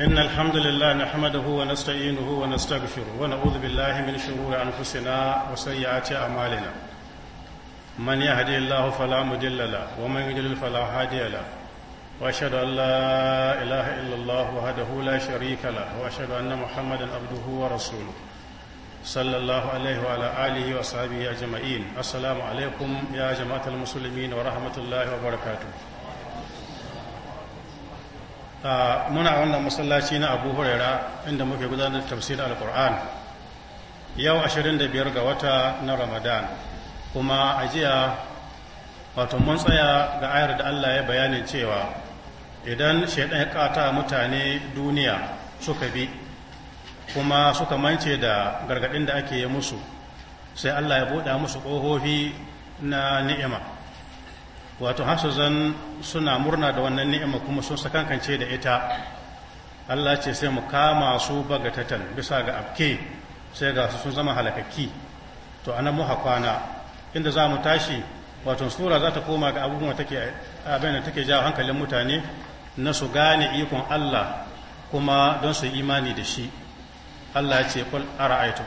إن الحمد لله نحمده ونستعينه ونستغفره ونعوذ بالله من شرور أنفسنا وسيئات أعمالنا من يهدي الله فلا مضل له ومن يضلل فلا هادي له وأشهد أن لا إله إلا الله وحده لا شريك له وأشهد أن محمدا عبده ورسوله صلى الله عليه وعلى آله وصحبه أجمعين السلام عليكم يا جماعة المسلمين ورحمة الله وبركاته muna wannan masallaci na abu huraira inda muke gudanar tafsir alkur'an yau 25 ga wata na ramadan kuma a jiya wato mun tsaya ga ayar da allah ya bayanin cewa idan shaidan ya kata mutane duniya suka bi kuma suka mance da gargadin da ake yi musu sai allah ya buɗa musu ƙofofi na ni'ima wato hasuzan suna murna da wannan ni'ima kuma sun sakankance da ita Allah ce sai mu kama su bagatatan bisa ga abke sai ga su sun zama halakakki to anan muha kwana inda za mu tashi wato sura za ta koma ga abubuwan take abin da take jawo hankalin mutane na su gane ikon Allah kuma don su imani da shi Allah ce kul ara'aytum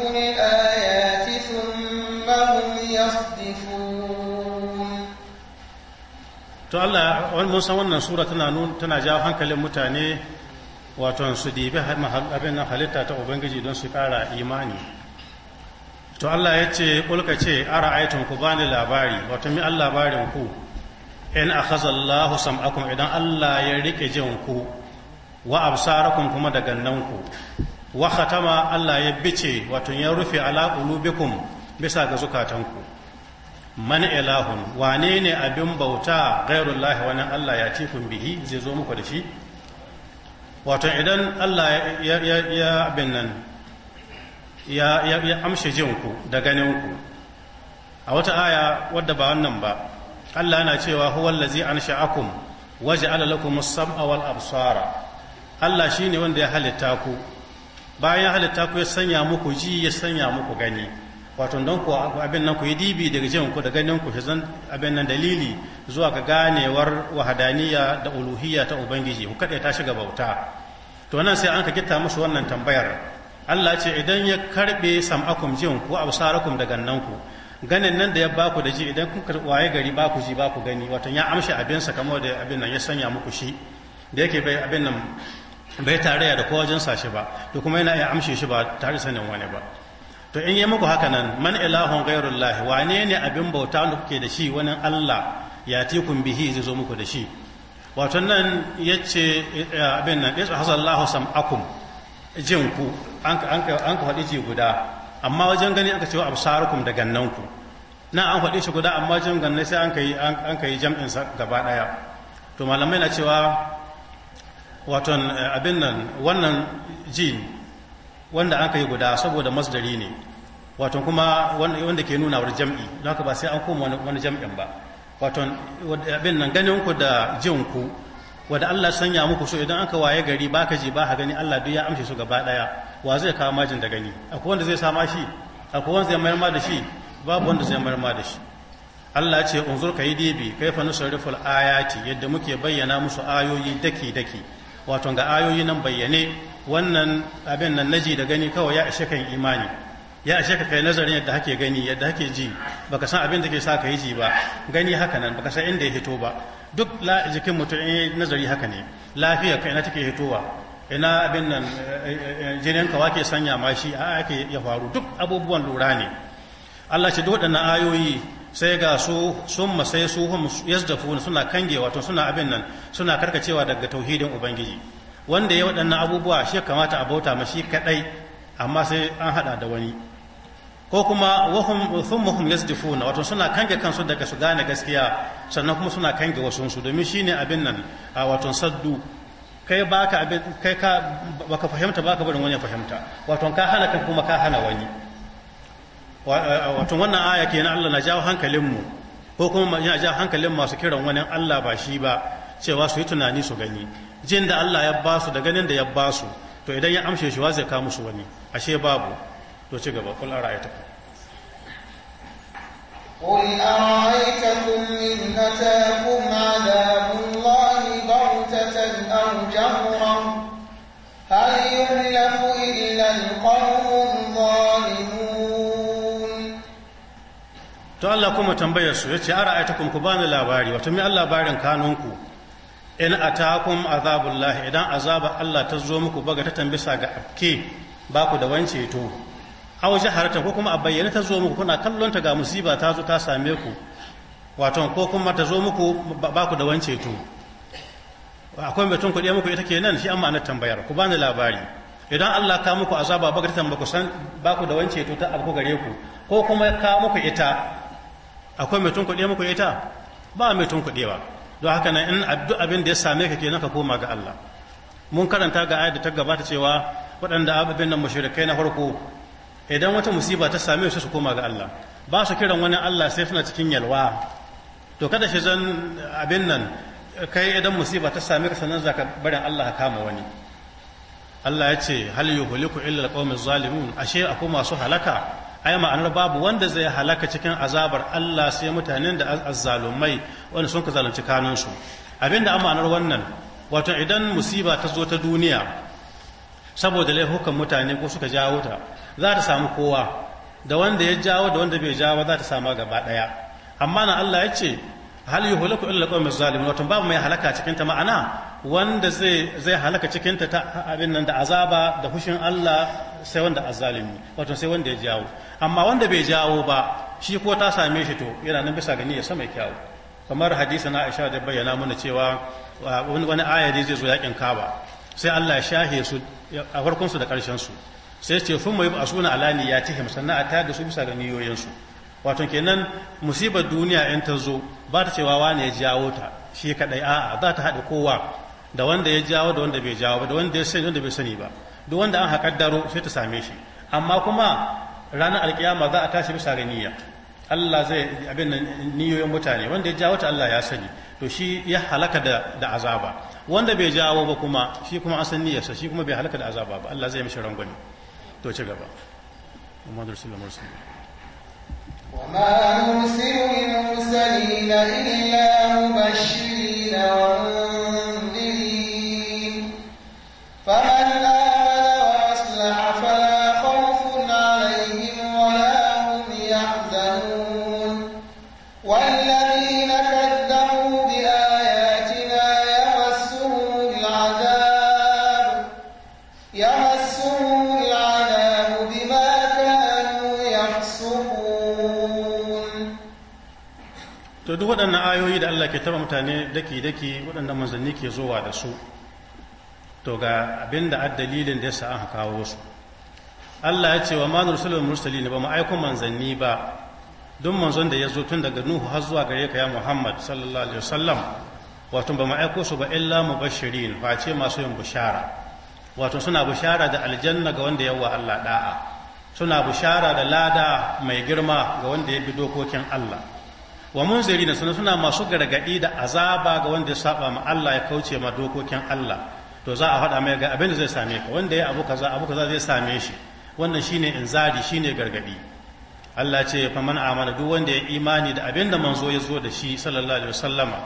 يحرف to Allah wani mun san wannan sura tana nun tana jawo hankalin mutane wato su dibi abin nan halitta ta ubangiji don su kara imani to Allah ya ce kulka ce ara aitun ku bani labari wato mi Allah labarin ku in akhadha Allahu sam'akum idan Allah ya rike jin ku wa absarakum kuma da gannan ku wa khatama Allah ya bice wato ya rufe ala qulubikum bisa ga zukatanku man ilahun wane ne abin bauta ghairullah wani Allah ya tikun bihi zai zo muku da shi wato idan Allah ya abin nan ya amshe jinku da ganinku a wata aya wadda ba wannan ba Allah yana cewa huwa allazi ansha'akum waja'ala lakum as-sam'a wal absara Allah shine wanda ya halitta ku bayan halitta ku ya sanya muku ji ya sanya muku gani wato don ku abin nan ku yi dibi daga jin ku da ganin ku zan abin nan dalili zuwa ga ganewar wahadaniya da uluhiyya ta ubangiji ku kada ta shiga bauta to nan sai an ka kitta musu wannan tambayar Allah ce idan ya karbe sam'akum jin ku absarakum daga nan ku ganin nan da ya baku da ji idan kun waye gari baku ji baku gani wato ya amshi abin sa kamar da abin nan ya sanya muku shi da yake bai abin nan bai tarayya da kowa jinsa shi ba to kuma yana iya amshi shi ba tare sanin wani ba to in yi muku haka nan man ilahun lahi, wane ne abin bauta wanda kuke da shi wani Allah ya tikun bihi zai zo muku da shi wato nan ya ce eh, abin nan yasa hasallahu sam'akum jin ku an ka faɗi ji guda amma wajen gani ka ce wa absarukum da gannanku. na an faɗi shi guda amma wajen gannan sai an ka yi jam'in gaba ɗaya. to malamai na cewa waton eh, abin nan wannan jin wanda aka yi guda saboda masdari ne waton kuma wanda ke nuna wani jam'i don haka ba sai an koma wani jam'in ba waton abin nan ganin ku da jin ku wanda Allah sanya muku so idan aka waye gari ba ka ji ba ka gani Allah duk ya amshe su gaba daya wa zai kawo majin da gani akwai wanda zai sama shi akwai wanda zai mayar ma da shi babu wanda zai mayar ma da shi Allah ce unzur ka yi dibi kaifa nusarriful ayati yadda muke bayyana musu ayoyi daki daki wato ga ayoyi nan bayyane wannan abin nan naji da gani kawai ya ishe kan imani ya ashe ka kai nazarin yadda hake gani yadda hake ji baka san abin da ke sa ka yi ji ba gani haka nan baka san inda ya hito ba duk jikin mutum in nazari haka ne lafiya kai na take hitowa ina abin nan eh, eh, eh, jinin ka wake sanya mashi a ake ya faru duk abubuwan lura ne Allah ce duk waɗannan ayoyi sai ga su summa sai su hum yazdafuna suna kange wato suna abin nan suna karkacewa daga tauhidin ubangiji wanda ya waɗannan abubuwa shi kamata a bauta mashi kadai amma sai an hada da wani ko kuma wahum thumma hum yazdifuna wato suna kange kansu daga su gane gaskiya sannan kuma suna kange wasu su domin shine abin nan a wato saddu kai baka abin kai ka baka fahimta baka barin wani fahimta wato ka hana kan kuma ka hana wani Eh, eh, wato wannan aya kenan Allah na jawo hankalinmu ko kuma yana jawo hankalin masu kiran wani Allah ba shi ba cewa su yi tunani su gani jin da Allah ya ba su da ganin da ya ba su to idan ya amshe shi wa zai kawo musu wani ashe babu to ci gaba kul ara'aytakum ta أرأيتكم إن min عذاب الله هل يهلك إلا القوم to Allah kuma tambayar su yace ara'aytakum ku bani labari wato me Allah labarin kanunku in atakum azabullahi idan azaba Allah ta zo muku baga ta tambisa ga afke ba ku da wance to aw jaharatan ko kuma a bayyana ta zo muku kuna kallon ta ga musiba ta zo ta same ku wato ko kuma ta zo muku ba ku da wance to akwai mutum kuɗi muku ita kenan shi amma na tambayar ku bani labari idan Allah ka muku azaba baga ta ku san ba ku da wance to ta abu gare ku ko kuma ka muku ita akwai mai tunkuɗe muku ita ba mai tunkuɗewa don haka nan in addu abin da ya same ka kenan ka koma ga Allah mun karanta ga ayat da ta gabata cewa waɗanda ababin nan mushrikai na farko idan wata musiba ta same su su koma ga Allah ba su kiran wani Allah sai suna cikin yalwa to kada shi zan abin nan kai idan musiba ta same ka sanan zaka barin Allah ka kama wani Allah ya ce hal yuhliku illa alqawmi zalimun ashe akwai masu halaka ai ma'anar babu wanda zai halaka cikin azabar Allah sai mutanen da azzalumai wanda sun ka zalunci kanunsu abinda an ma'anar wannan wato idan musiba ta zo ta duniya saboda laifukan mutane ko suka jawo ta za ta samu kowa da wanda ya jawo da wanda bai jawo za ta samu gaba daya amma na Allah ya ce hal hulaku illa mai zalimi wato babu mai halaka cikin ta ma'ana wanda zai halaka cikin ta abin nan da azaba da hushin Allah sai wanda azalimi wato sai wanda ya jawo amma wanda bai jawo ba shi ko ta same shi to yana nan bisa gani ya sama kyawu kamar hadisi na Aisha da bayyana mana cewa wani ayari zai zo yakin kaba sai Allah ya shahe su a farkon su da karshen su sai ce sun mai ba suna alani ya tihim sannan a tayar da su bisa ga su wato kenan musibar duniya in ta zo ba ta cewa wani ya jawo ta shi kadai a'a za ta haɗe kowa da wanda ya jawo da wanda bai jawo ba da wanda ya sani wanda bai sani ba duk wanda an haƙaddaro sai ta same shi amma kuma ranar alkiyama za a tashi bisa ga niyya Allah zai abin nan niyoyin mutane wanda ya jawo ta Allah ya sani to shi ya halaka da, da azaba wanda bai jawo ba kuma shi kuma an san niyyarsa shi kuma bai halaka da azaba ba Allah zai mishi rangwani to ci gaba Muhammadu Rasulullah وما نرسل المرسلين إلا مبشرين ومنذرين duk waɗannan ayoyi da Allah ke taba mutane daki-daki waɗannan manzanni ke zowa da su to ga abin da dalilin da sa aka kawo su Allah ya ce wa ma mursali mursalin ba mu aiko manzanni ba duk manzon da ya zo tun daga Nuhu har zuwa gare ka ya Muhammad sallallahu alaihi wasallam wato ba mu aiko su ba illa mubashirin face masu yin bushara wato suna bushara da aljanna ga wanda yawa Allah da'a suna bushara da lada mai girma ga wanda ya bi dokokin Allah wa munziri na suna suna masu gargadi da azaba ga wanda ya saba ma Allah ya kauce ma dokokin Allah to za a faɗa mai ga abin da zai same ka wanda ya abu kaza abu kaza zai same shi wannan shine inzari shine gargadi Allah ce fa man amana duk wanda ya imani da abin da manzo ya zo da shi sallallahu alaihi wasallama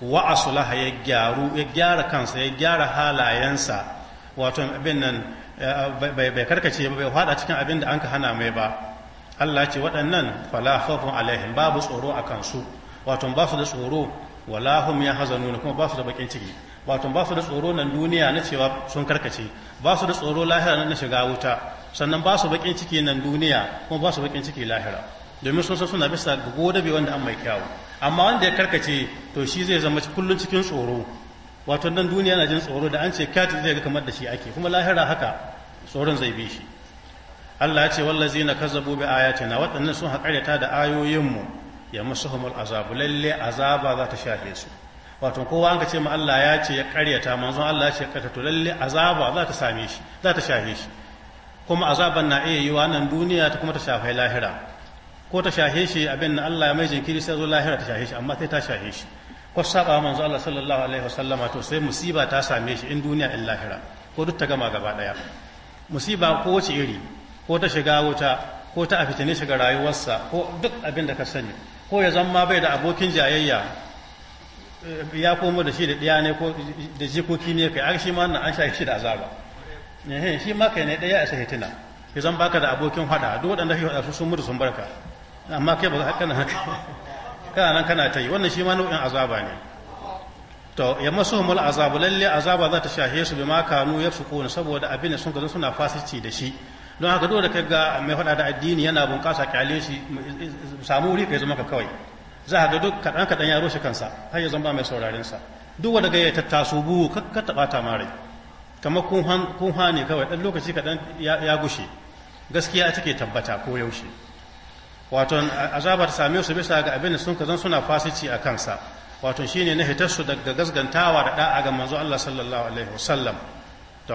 wa aslaha ya gyaru ya gyara kansa ya gyara halayensa wato abin nan eh, bai karkace bai fada cikin abin da ka hana mai ba Allah ce waɗannan fala alaihim babu tsoro a kansu wato ba su da tsoro wala hum yahzanun kuma ba su da bakin ciki wato ba su da tsoro nan duniya na cewa sun karkace ba su da tsoro lahira na shiga wuta sannan ba su bakin ciki nan duniya kuma ba su bakin ciki lahira domin sun suna bisa ga godabe wanda an mai kyawu amma wanda ya karkace to shi zai zama kullun cikin tsoro wato nan duniya na jin tsoro da an ce kyati zai ga kamar da shi ake kuma lahira haka tsoron zai bi shi Allah ya ce wallazi na kazzabu bi na waɗannan sun haƙareta da ayoyinmu ya musuhumul azabu lalle azaba za ta shafe su wato kowa an ka ce ma Allah ya ce ya ƙaryata manzon Allah ya ce ya to lalle azaba za ta same shi za ta shafe shi kuma azaban na iya yiwa nan duniya ta kuma ta shafe lahira ko ta shafe shi abin Allah ya mai jinkiri sai zo lahira ta shafe shi amma sai ta shafe shi ko saba manzo Allah sallallahu alaihi wasallama to sai musiba ta same shi in duniya in lahira ko duk ta gama gaba daya musiba ko wace iri ko ta shiga wuta ko ta a fitini shiga rayuwarsa ko duk abin da ka sani ko ya zama bai da abokin jayayya ya komo da shi da ɗiya ne ko da jikoki ne kai an shi ma nan an shaye shi da azaba shi ma kai ne ɗaya a sa hitina ya zama baka da abokin hada duk waɗanda shi hada su sun mutu sun barka amma kai ba ka nan haka kana nan kana ta yi wannan shi ma nau'in azaba ne to ya masu mul azabu lalle azaba za ta shahe su bi ma kanu ya su saboda abin da sun gazo suna fasici da shi don haka dole ka ga mai faɗa da addini yana bunƙasa kyale shi samu wuri ka zama ka kawai za ka ga duk kaɗan kaɗan ya rushe kansa har ya zama mai sauraren sa duk wanda ga ya tattaso buhu ka taɓa ta mare kamar kun hane kawai ɗan lokaci kaɗan ya gushe gaskiya take tabbata ko yaushe wato azabar ta same su bisa ga abin da sun zan suna fasici a kansa wato shine na hitarsu daga gasgantawa da da'a ga manzo Allah sallallahu alaihi wasallam to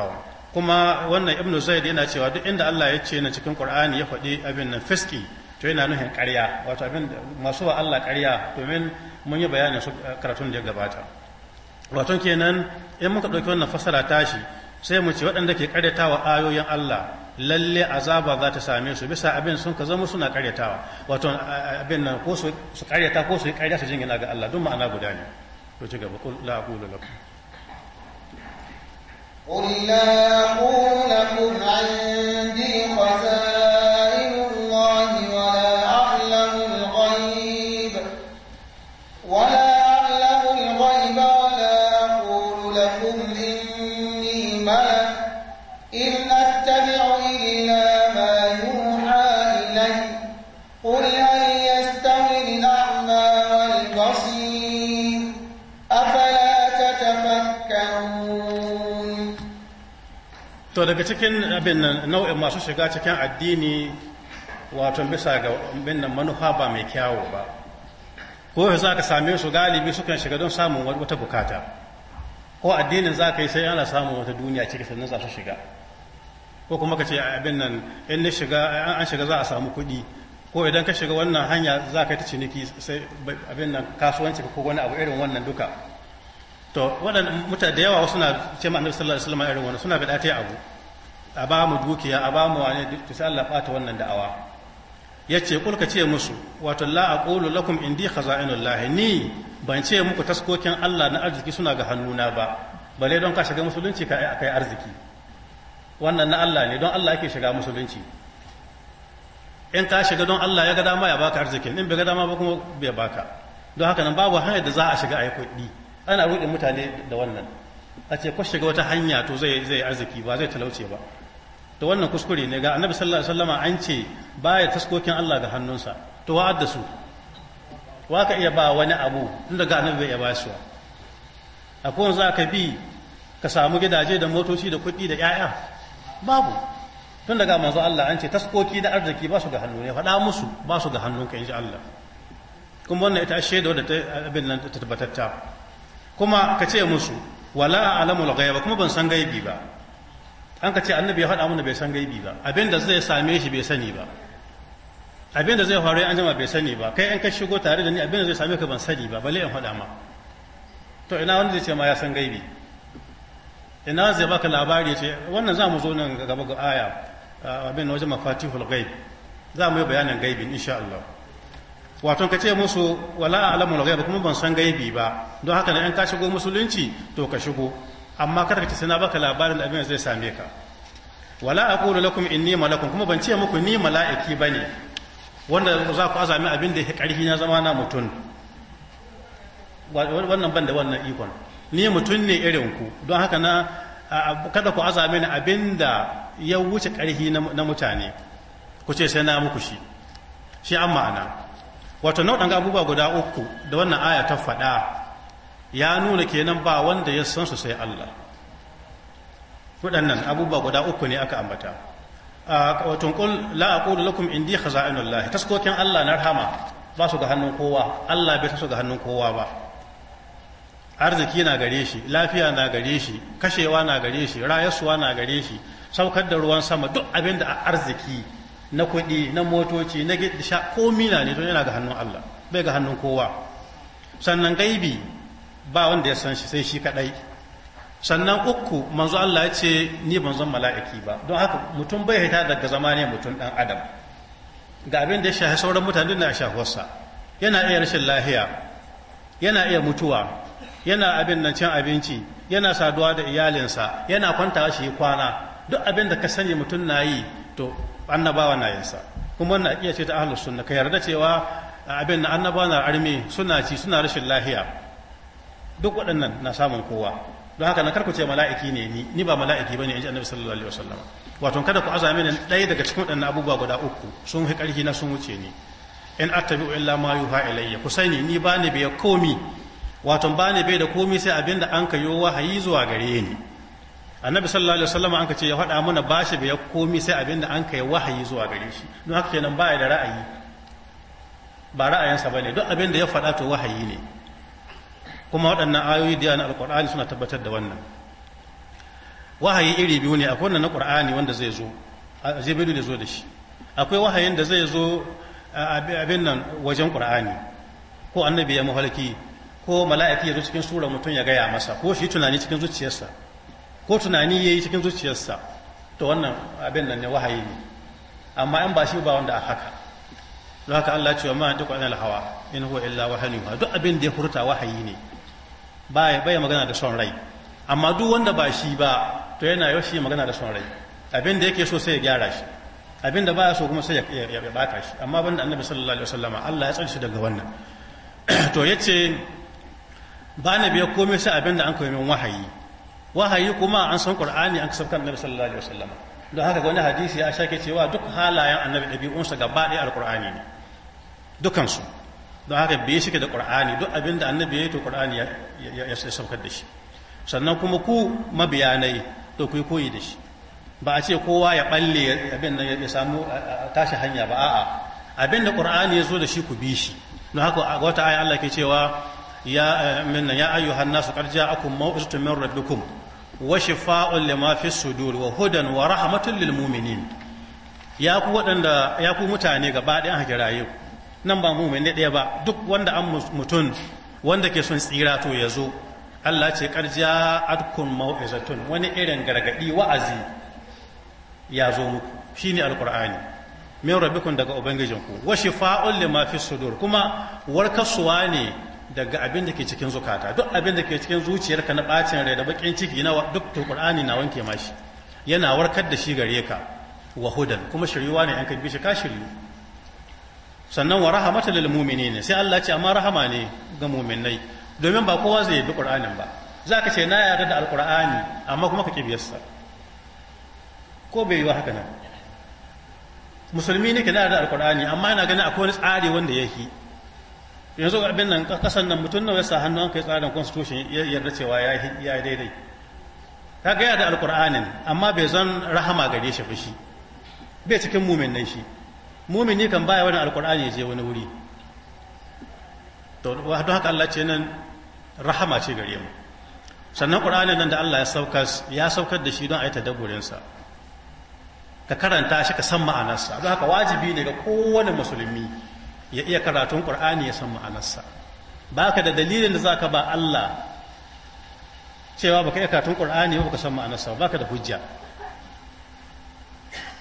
kuma wannan ibn zaid yana cewa duk inda Allah ya ce na cikin qur'ani ya faɗi abin nan fiski to yana nuhin ƙarya wato abin masu wa Allah ƙarya domin mun yi bayanin su karatun da ya gabata wato kenan in muka ɗauki wannan fasara tashi sai mu ce waɗanda ke ƙaryatawa ayoyin Allah lalle azaba za ta same su bisa abin sun ka zama suna ƙaryatawa wato abin nan ko su ƙaryata ko su yi ƙarya su jingina ga Allah duk ma'ana guda ne to ci gaba la aqulu lakum قل لا أقول لكم عندي خزائن to daga cikin abin nan nau'in masu shiga cikin addini wato bisa ga abin nan manufa ba mai kyawo ba ko za ka same su galibi sukan shiga don samun wata bukata ko addinin za ka yi sai ana samun wata duniya ciki sannan za su shiga ko kuma ka ce abin nan in na shiga an shiga za a samu kuɗi ko idan ka shiga wannan hanya za ka yi ta ciniki sai abin nan kasuwanci ko wani abu irin wannan duka to waɗanda mutane da yawa suna ce ma annabi sallallahu alaihi wasallam irin wani suna bid'a ta abu a ba mu dukiya a ba mu wani to sai Allah ɓata wannan da'awa yace kul ka ce musu wato la aqulu lakum indi khaza'inullah ni ban ce muku taskokin Allah na arziki suna ga hannuna ba bale don ka shiga musulunci ka kai arziki wannan na Allah ne don Allah ake shiga musulunci in ka shiga don Allah ya ga dama ya baka arzikin in bai ga dama ba kuma bai baka don haka nan babu hanyar da za a shiga a yi kuɗi ana ruɗe mutane da wannan a ce ko shiga wata hanya to zai zai arziki ba zai talauce ba to wannan kuskure ne ga annabi sallallahu alaihi wasallama an ce baya taskokin Allah ga hannunsa to wa'ad da su wa ka iya ba wani abu tunda ga annabi bai iya ba su akwai wanda za ka bi ka samu gidaje da motoci da kuɗi da 'ya'ya babu tun daga manzo Allah an ce taskoki da arziki ba su ga hannu ne faɗa musu ba su ga hannunka in ji Allah kuma wannan ita shaida wadda ta abin nan ta tabbatatta kuma ka ce musu wala alamul ba kuma ban san gaibi ba an ka ce annabi ya faɗa mana bai san gaibi ba abin da zai same shi bai sani ba abin da zai faru an jima bai sani ba kai an ka shigo tare da ni abin da zai same ka ban sani ba bale in faɗa ma to ina wanda zai ce ma ya san gaibi ina zai baka labari ce wannan za mu zo nan gaba ga aya abin wajen mafatihul gaib za mu yi bayanin gaibi insha Allah wato ka ce musu wala alamun ghaiba kuma ban san gaibi ba don haka na yan ka shigo musulunci to ka shigo amma kada ka ce sai na baka labarin da abin zai same ka wala aqulu lakum nima lakum kuma ban ce muku ni mala'iki ne wanda za ku azami abin da ya karfi na zama na mutum wannan ban da wannan ikon ni mutum ne irin ku don haka na kada ku azami ni abin da ya wuce karfi na mutane ku ce sai na muku shi shi an ma'ana wato nau'in abubuwa guda uku da wannan aya ta faɗa ya nuna kenan ba wanda ya san su sai Allah waɗannan abubuwa guda uku ne aka ambata wato qul la aqulu lakum indi khaza'inullah taskokin Allah na rahama ba su ga hannun kowa Allah bai su ga hannun kowa ba arziki na gare shi lafiya na gare shi kashewa na gare shi rayasuwa na gare shi saukar da ruwan sama duk abin da arziki na kuɗi na motoci na sha ko na ne don yana ga hannun Allah bai ga hannun kowa sannan gaibi ba wanda ya san shi sai shi kaɗai sannan uku manzo Allah ya ce ni ban zan mala'iki ba don haka mutum bai haita daga zama ne mutum ɗan adam ga abin da ya shahi sauran mutane na shahuwarsa yana iya rashin lahiya yana iya mutuwa yana abin nan cin abinci yana saduwa da iyalinsa yana kwanta shi kwana duk abin da ka sani mutum na yi to annabawa na yinsa kuma wannan iya ce ta ahlus sunna ka yarda cewa abin na annabawa na armi suna ci suna rashin lahiya duk waɗannan na samun kowa don haka na karku ce mala'iki ne ni ni ba mala'iki bane inji annabi sallallahu alaihi wasallam wato kada ku azami ni ɗaya daga cikin waɗannan abubuwa guda uku sun fi ƙarfi na sun wuce ni in attabi'u illa ma yuha ilayya ku sani ni ba ne bai komi wato ba ne bai da komi sai abin da an kayo wahayi zuwa gare ni annabi sallallahu alaihi wasallam an ka ce ya faɗa mana bashi bai komi sai abin da an kai wahayi zuwa gare shi don haka kenan baya da ra'ayi ba ra'ayinsa ne duk abin da ya fada to wahayi ne kuma waɗannan ayoyi da na alqur'ani suna tabbatar da wannan wahayi iri biyu ne akwai wannan na ƙur'ani wanda zai zo jibrilu da zo da shi akwai wahayin da zai zo abin nan wajen ƙur'ani ko annabi ya mahalki ko mala'iki ya zo cikin sura mutum ya gaya masa ko shi tunani cikin zuciyarsa ko tunani ya yi cikin zuciyarsa ta wannan abin nan ne wahayi ne amma yan ba shi ba wanda a haka da haka Allah cewa ma duk wani hawa in huwa illa wahayi duk abin da ya furta wahayi ne baya baya magana da son rai amma duk wanda ba shi ba to yana yau shi magana da son rai abin da yake so sai ya gyara shi abin da baya so kuma sai ya bata shi amma banda annabi sallallahu alaihi wasallam Allah ya tsare shi daga wannan to yace ba na biya komai sai abin da an koyi min wahayi wahayi kuma an san qur'ani an kasabta annabi sallallahu alaihi wasallam don haka ga wani hadisi ya shake cewa duk halayen annabi ɗabi'unsa gaba ɗaya alqur'ani ne dukansu don haka bai shi da qur'ani duk abinda annabi ya yi to qur'ani ya saukar da shi sannan kuma ku mabiyanai to ku yi koyi da shi ba a ce kowa ya balle abin nan ya samu tashi hanya ba a'a abin da qur'ani ya zo da shi ku bi shi don haka wata aya Allah ke cewa ya minna eh, ya ayyuhan nasu qad ja'akum maw'izatun min rabbikum wa shifa'un lima fi sudur wa hudan ya ku waɗanda ya ku mutane gaba ɗaya aka raye nan ba mu'min ɗaya ba duk wanda an mutun wanda ke son tsira to ya zo Allah ce karja adkun mau'izatun wani irin gargadi wa'azi ya zo muku shine alqur'ani min rabbikum daga ubangijinku wa shifa'un lima fi sudur kuma warkaswa ne daga abin da ke cikin zukata duk abin da ke cikin zuciyarka na bacin rai da bakin ciki na duk to qur'ani na wanke mashi yana warkar da shi gare ka wa hudan kuma shiryuwa ne an ka bi shi ka shiryu sannan wa rahmatan lil mu'minin sai Allah ce amma rahama ne ga mu'minai domin ba kowa zai bi qur'anin ba zaka ce na yarda da alqur'ani amma kuma ka kibiyarsa ko bai yi wa haka nan musulmi ne ke na yarda da alqur'ani amma ina ganin akwai wani tsari wanda yake yanzu abin nan kasan nan mutum nawa ya sa hannu an kai tsarin constitution ya yarda cewa ya yi daidai ta gaya da alkur'anin amma bai zan rahama gare shi fushi bai cikin mumin nan shi mumini kan baya wani alkur'ani ya je wani wuri to don haka Allah ce nan rahama ce gare mu sannan ƙur'anin nan da Allah ya saukar da shi don a yi tadabburin sa ka karanta shi ka san ma'anarsa don haka wajibi ne ga kowane musulmi ya iya karatun ƙur'ani ya san ma'anarsa ba ka da dalilin da za ka ba Allah cewa ba ka iya karatun ƙur'ani ba ka san ma'anarsa ba ka da hujja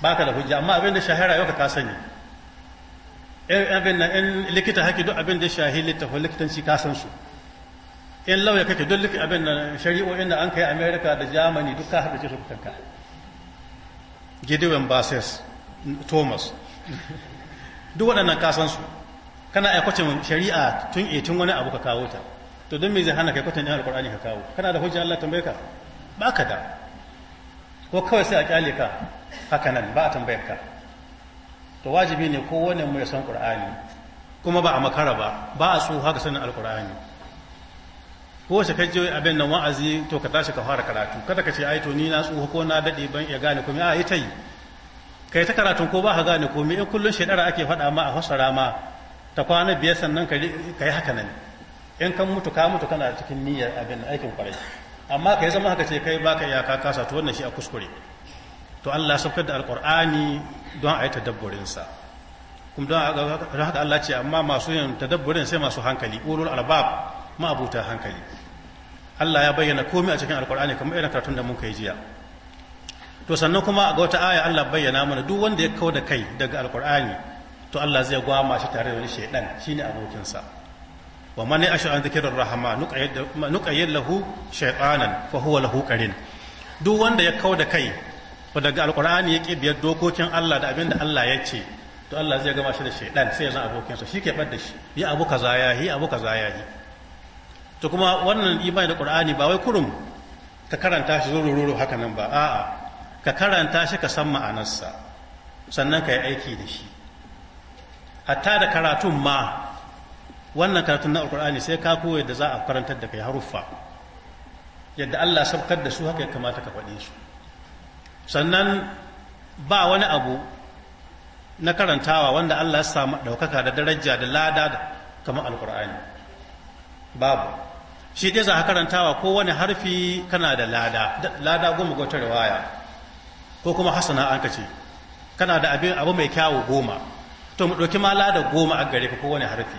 ba ka da hujja amma abin da shahara yau ka sani abin nan in likita haki duk abin da shahi littafin likitanci ka san su in lauya kake duk likita abin da shari'o'in da an kai america da germany duk ka haɗa su kanka gideon basis thomas duk waɗannan kasansu kana aikwatin shari'a tun etin eh, wani abu ka kawo ta to don me zai hana kai kwatan ɗin alƙur'ani ka kawo kana da hujjar Allah tambaye ka ba ka da ko kawai sai a kyale ka haka nan ba a tambayar ka to wajibi ne ko wani mu ya san ƙur'ani kuma ba a makara ba ba a tsoho haka sanin alƙur'ani ko kai je abin nan wa'azi to ka tashi ka fara karatu kada ka ce ai to ni na tsoho ko na daɗe ban iya gane komai a yi ta yi kai ta karatun ko ba ka gane komai in kullum shedara ake faɗa ma a fassara ma ta kwana biyar sannan ka yi haka nan in kan mutu ka mutu kana cikin niyyar abin aikin kwarai amma ka yi zama haka ce kai baka iya ka kasa shi a kuskure to Allah saukar da Alƙur'ani don a yi tadabburin sa kuma don haka Allah ce amma masu yin tadabburin sai masu hankali ulul albab ma abuta hankali Allah ya bayyana komai a cikin Alƙur'ani kamar irin karatun da mun kai jiya to sannan kuma ga wata aya Allah bayyana mana duk wanda ya kawo da kai daga Alƙur'ani. to Allah zai gwama shi tare da wani shaidan shine abokinsa wa man yashu an dhikrir rahama nuqayyid lahu shaytanan fa huwa lahu qarin duk wanda ya kauda kai daga alqur'ani ya biyar dokokin Allah da abinda Allah ya ce to Allah zai gama shi da shaidan sai ya abokinsa shi ke bar da shi yi abu kaza ya yi abu kaza ya yi to kuma wannan imani da qur'ani ba wai kurum ka karanta shi zurururu haka nan ba a'a ka karanta shi ka san ma'anarsa sannan ka yi aiki da shi hatta da karatun ma wannan karatun na alkur'ani sai ka koya da za a karantar da kai haruffa yadda Allah saukar da su haka ya kamata ka faɗe su sannan ba wani abu na karantawa wanda Allah ya samu ɗaukaka da daraja da lada kamar alkur'ani babu shi dai za a karantawa ko wani harfi kana da lada lada goma ga wata riwaya ko kuma hasana an ka ce kana da abin abu mai kyawu goma to mu ɗauki ma lada goma a gare ka kowane harfi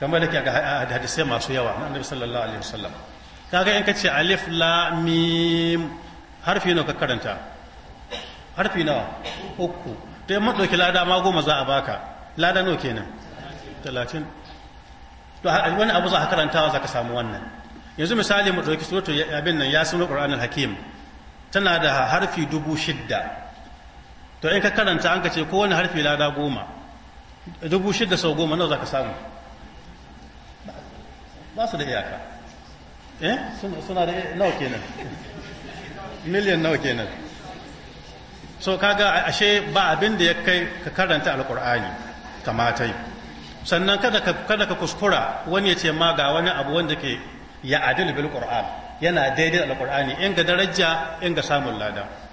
kamar da ke ga hadisai masu yawa na annabi sallallahu alaihi wasallam kaga in ka ce alif la mim harfi nawa ka karanta harfi nawa uku to ma ɗauki lada ma goma za a baka lada nawa kenan talatin to wani abu za ka karantawa za ka samu wannan yanzu misali mu ɗauki soto abin nan ya suna qur'anul hakim tana da harfi dubu shidda to in ka karanta an ka ce kowane harfi lada goma dubu shida sau goma nawa za ka samu ba su da iyaka eh suna da nawa kenan miliyan nawa kenan so kaga ashe ba abin da ya kai ka karanta alkur'ani kamatai sannan kada ka kuskura wani ya ce ma ga wani abu wanda ke ya adil bil qur'an yana daidai alkur'ani in ga daraja in ga samun lada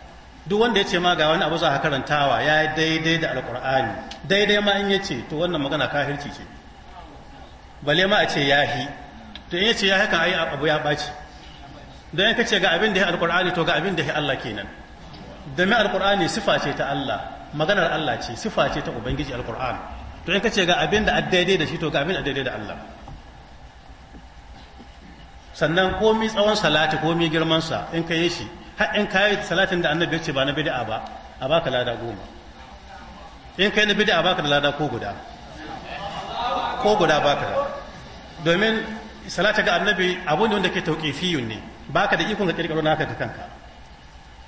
duk wanda ya ce ma ga wani abu za a karantawa ya yi daidai da alkur'ani daidai ma in ya ce to wannan magana kafirci ce bale ma a ce ya hi to in ya ce ya haka ayi abu ya ɓaci don in kace ce ga abin da ya alkur'ani to ga abin da ya Allah kenan mai alkur'ani sifa ce ta Allah maganar Allah ce sifa ce ta ubangiji alkur'ani to in kace ce ga abin da daidai da shi to ga abin da daidai da Allah sannan komai tsawon salati girman girmansa in ka yi shi in kayi salatin da annabi ya ce ba na bid'a ba a baka lada goma in kai na bid'a baka da lada ko guda ko guda baka da domin salata ga annabi abu ne wanda ke tauqifiyun ne baka da ikon ka kirkiro naka ka kanka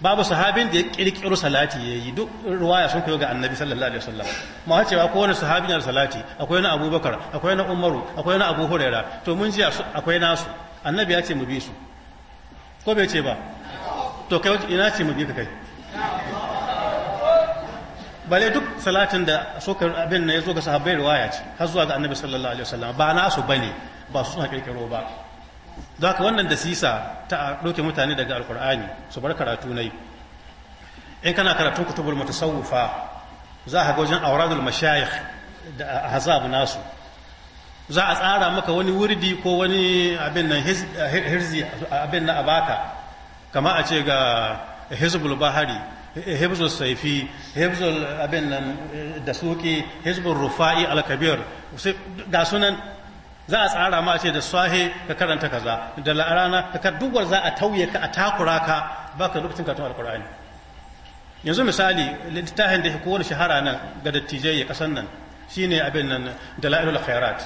babu sahabin da ya kirkiro salati yayi duk ruwaya sun koyo ga annabi sallallahu alaihi wasallam ma har cewa kowane sahabi na salati akwai na Abubakar akwai na Umaru akwai na Abu Huraira to mun ji akwai nasu annabi ya ce mu bi su ko bai ce ba to kai ina ce mu bi ka kai bale duk salatin da sokar abin na ya zo ga sahabbai riwaya ce har zuwa ga annabi sallallahu alaihi wasallam ba su bane ba su suna kirkiro ba don haka wannan da sisa ta ɗauke mutane daga alkur'ani su bar karatu na yi. in kana karatun kutubul mutasawwifa za ka ga wajen auradul mashayikh da ahzab nasu za a tsara maka wani wurdi ko wani abin nan hirzi abin na abaka kama a ce ga hizbul bahari hizbul saifi hizbul abin nan eh, da Suke, hizbul rufa'i alkabir ga sunan za a tsara ma a ce da swahe ka karanta kaza da la'arana ka duwar za a tauye ka a takura ka baka lokacin katon alkur'ani yanzu misali littafin da kowane shahara nan ga dattijai ya kasan nan shine abin nan da la'ilul khairat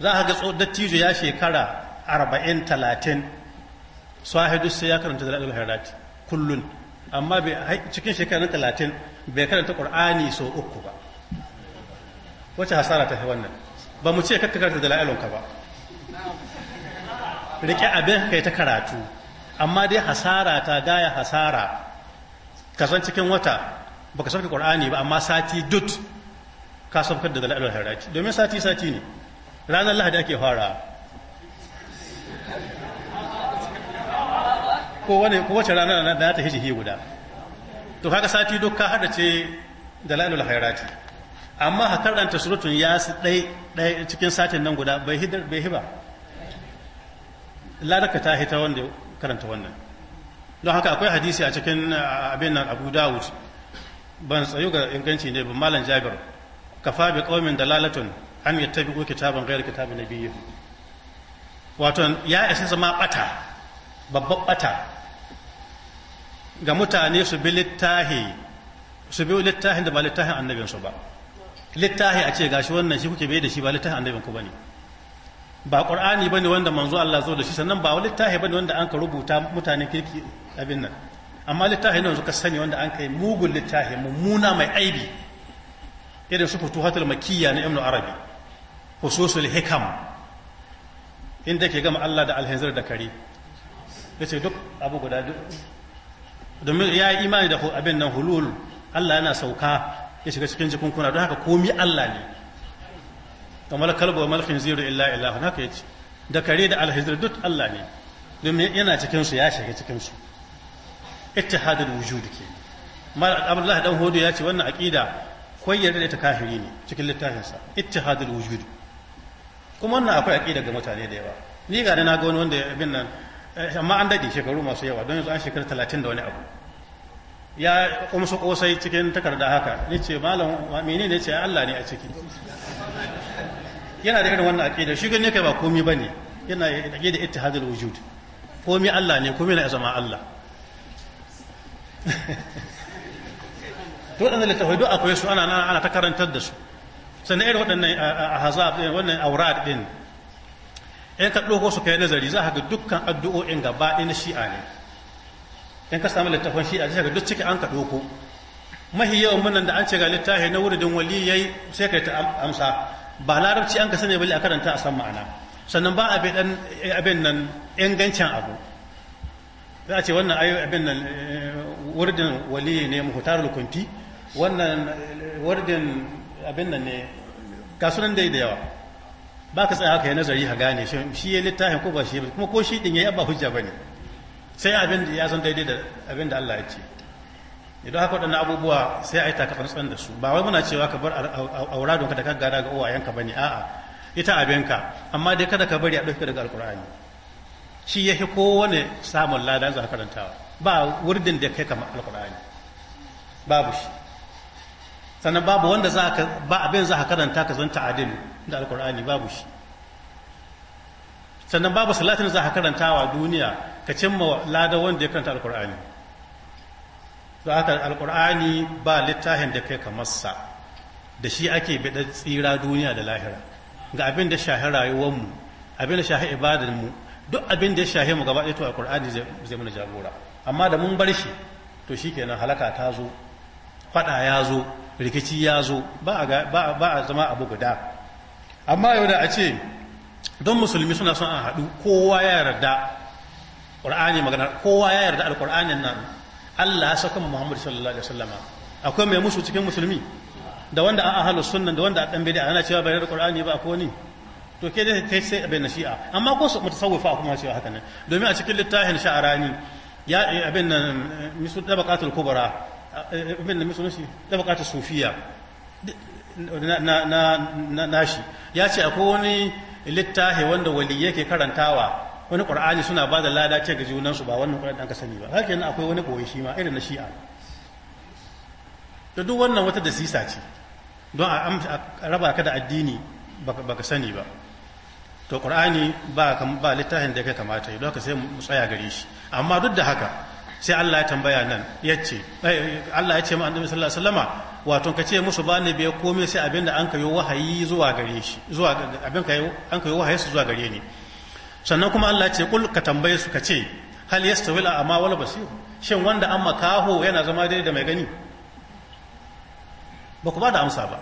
za a ga dattijo ya shekara arba'in talatin sahidu sai ya karanta zalalul harati kullun amma cikin shekarun talatin bai karanta qur'ani so uku ba wace hasara ta wannan ba mu ce ka karanta zalalun ka ba rike abin kai ta karatu amma dai hasara ta gaya hasara san cikin wata baka sauke qur'ani ba amma sati dut ka saukar da zalalul harati domin sati sati ne ranar lahadi ake fara kowace rana na da ta hijihi guda to kaga sati duk ka hada ce dalalul khairati amma hakar dan tasrutun ya su dai dai cikin satin nan guda bai hidar bai hiba ladaka ta hita wanda karanta wannan don haka akwai hadisi a cikin abin nan Abu Dawud ban tsayu ga inganci ne ba malam Jabir kafa bi qaumin dalalatun an yattabi'u kitaban ghayr kitabin nabiyyi wato ya isa zama bata babban bata ga mutane su bi littahi su bi littahin da ba littahin su ba littahi a ce gashi wannan shi kuke bai da shi ba littahin annabin ku bane ba qur'ani bane wanda manzo Allah zo da shi sannan ba littahi bane wanda an ka rubuta mutane kirki abin nan amma littahi ne ka sani wanda an kai mugun littahi mummuna mai aibi irin su futuhatul makiyya na ibn arabi hususul hikam inda ke gama Allah da alhanzar da kare yace duk abu guda domin ya yi imani da abin nan hulul Allah yana sauka ya shiga cikin jikunkuna don haka komi Allah ne kamar kalbu wa malkin zira illa ilahun haka ya ce da kare da alhizir duk Allah ne domin yana cikinsu ya shiga cikinsu ittihadul wujudi ke mal abdullahi dan ya ce wannan aqida koyar da ta kafiri ne cikin littafinsa ittihadul wujudi kuma wannan akwai aqida ga mutane da yawa ni ga na ga wani wanda abin nan Eh, amma an daɗe shekaru masu yawa don yanzu an shekara talatin da wani abu ya kumsu kosai cikin takarda haka ya ce malam mene ne ce Allah ne a ciki yana da irin wannan aƙida shi gani kai ba komi ba ne yana da aƙida ittihadul wujud komi Allah ne komi na zama Allah to waɗannan littafai duk akwai su ana ta karantar da su sannan irin waɗannan ahazab ɗin wannan aurat ɗin in ka ɗoko su kai nazari za a ga dukkan addu'o'in gaba ɗaya na shi'a ne in ka samu littafin shi'a sai ka duk ciki an ka ɗoko mahi yawan munan da an ce ga littafi na wuridin wali yayi sai ka ta amsa ba larabci an ka sani bali a karanta a san ma'ana sannan ba abin dan abin nan ingancin abu za a ce wannan ayo abin nan eh, wuridin wali ne muhtarul lukunti wannan eh, wuridin abin nan ne ga sunan dai da yawa ba ka tsaye haka ya nazari ha gane shi ya littafin ko ba shi ba kuma ko shi din yi ba hujja ba ne sai abin da ya san daidai da abin da Allah ya ce idan haka waɗannan abubuwa sai a yi takatsantsan da su ba wai muna cewa ka bar aura don da ka gada ga uwayenka ne a'a ita abinka amma dai kada ka bari a ɗauke daga alkur'ani shi ya fi kowane samun ladan za karantawa ba wurdin da kai kama alkur'ani babu shi sannan babu wanda za ka ba abin za ka karanta ka zanta adilu da alkur'ani babu shi sannan babu salatin za a karanta wa duniya ka cimma lada wanda ya karanta alkur'ani a karanta alkur'ani ba littafin da kai kamarsa da shi ake bida tsira duniya da lahira ga abin da shahi rayuwanmu abin da shahi ibadarmu duk abin da ya shahi mu gaba ɗaya to alkur'ani zai mana jagora amma da mun bar shi to shi kenan halaka ta zo faɗa ya zo rikici ya zo ba a zama abu guda amma yau da a ce don musulmi suna son a haɗu kowa ya yarda ƙur'ani magana kowa ya yarda alƙur'anin nan Allah ya saka Muhammad sallallahu alaihi wasallam akwai mai musu cikin musulmi da wanda a ahlus sunna da wanda a dan bid'a ana cewa bai da ƙur'ani ba akwai ni to ke dai kai sai abin shi'a amma ko su mutasawwifa kuma cewa haka ne domin a cikin littafin sha'arani ya eh, eh, eh, abin nan misu dabaqatul kubra abin nan misu shi dabaqatul sufiya. na shi ya ce akwai wani littafi wanda wali yake karantawa wani ƙwar'ani suna ba da lada ce ga junansu ba wannan ƙwar'ani an ka sani ba haka akwai wani koyi shi ma irin na shi'a da duk wannan wata da sisa ce don a raba ka da addini baka sani ba to ƙwar'ani ba ba littafin da kai kamata yi don ka sai mu tsaya gare shi amma duk da haka sai Allah ya tambaya nan eh, Allah ya ce ma annabi sallallahu alaihi wato ka ce musu bani bai komai sai abin da an yi wahayi zuwa gare shi zuwa abin kayo an yi wahayi su zuwa gare ni sannan kuma Allah ce kul ka tambaye su ka ce hal yastawi al a'ma wal basir shin wanda an makaho yana zama dai da mai gani ba ku ba da amsa ba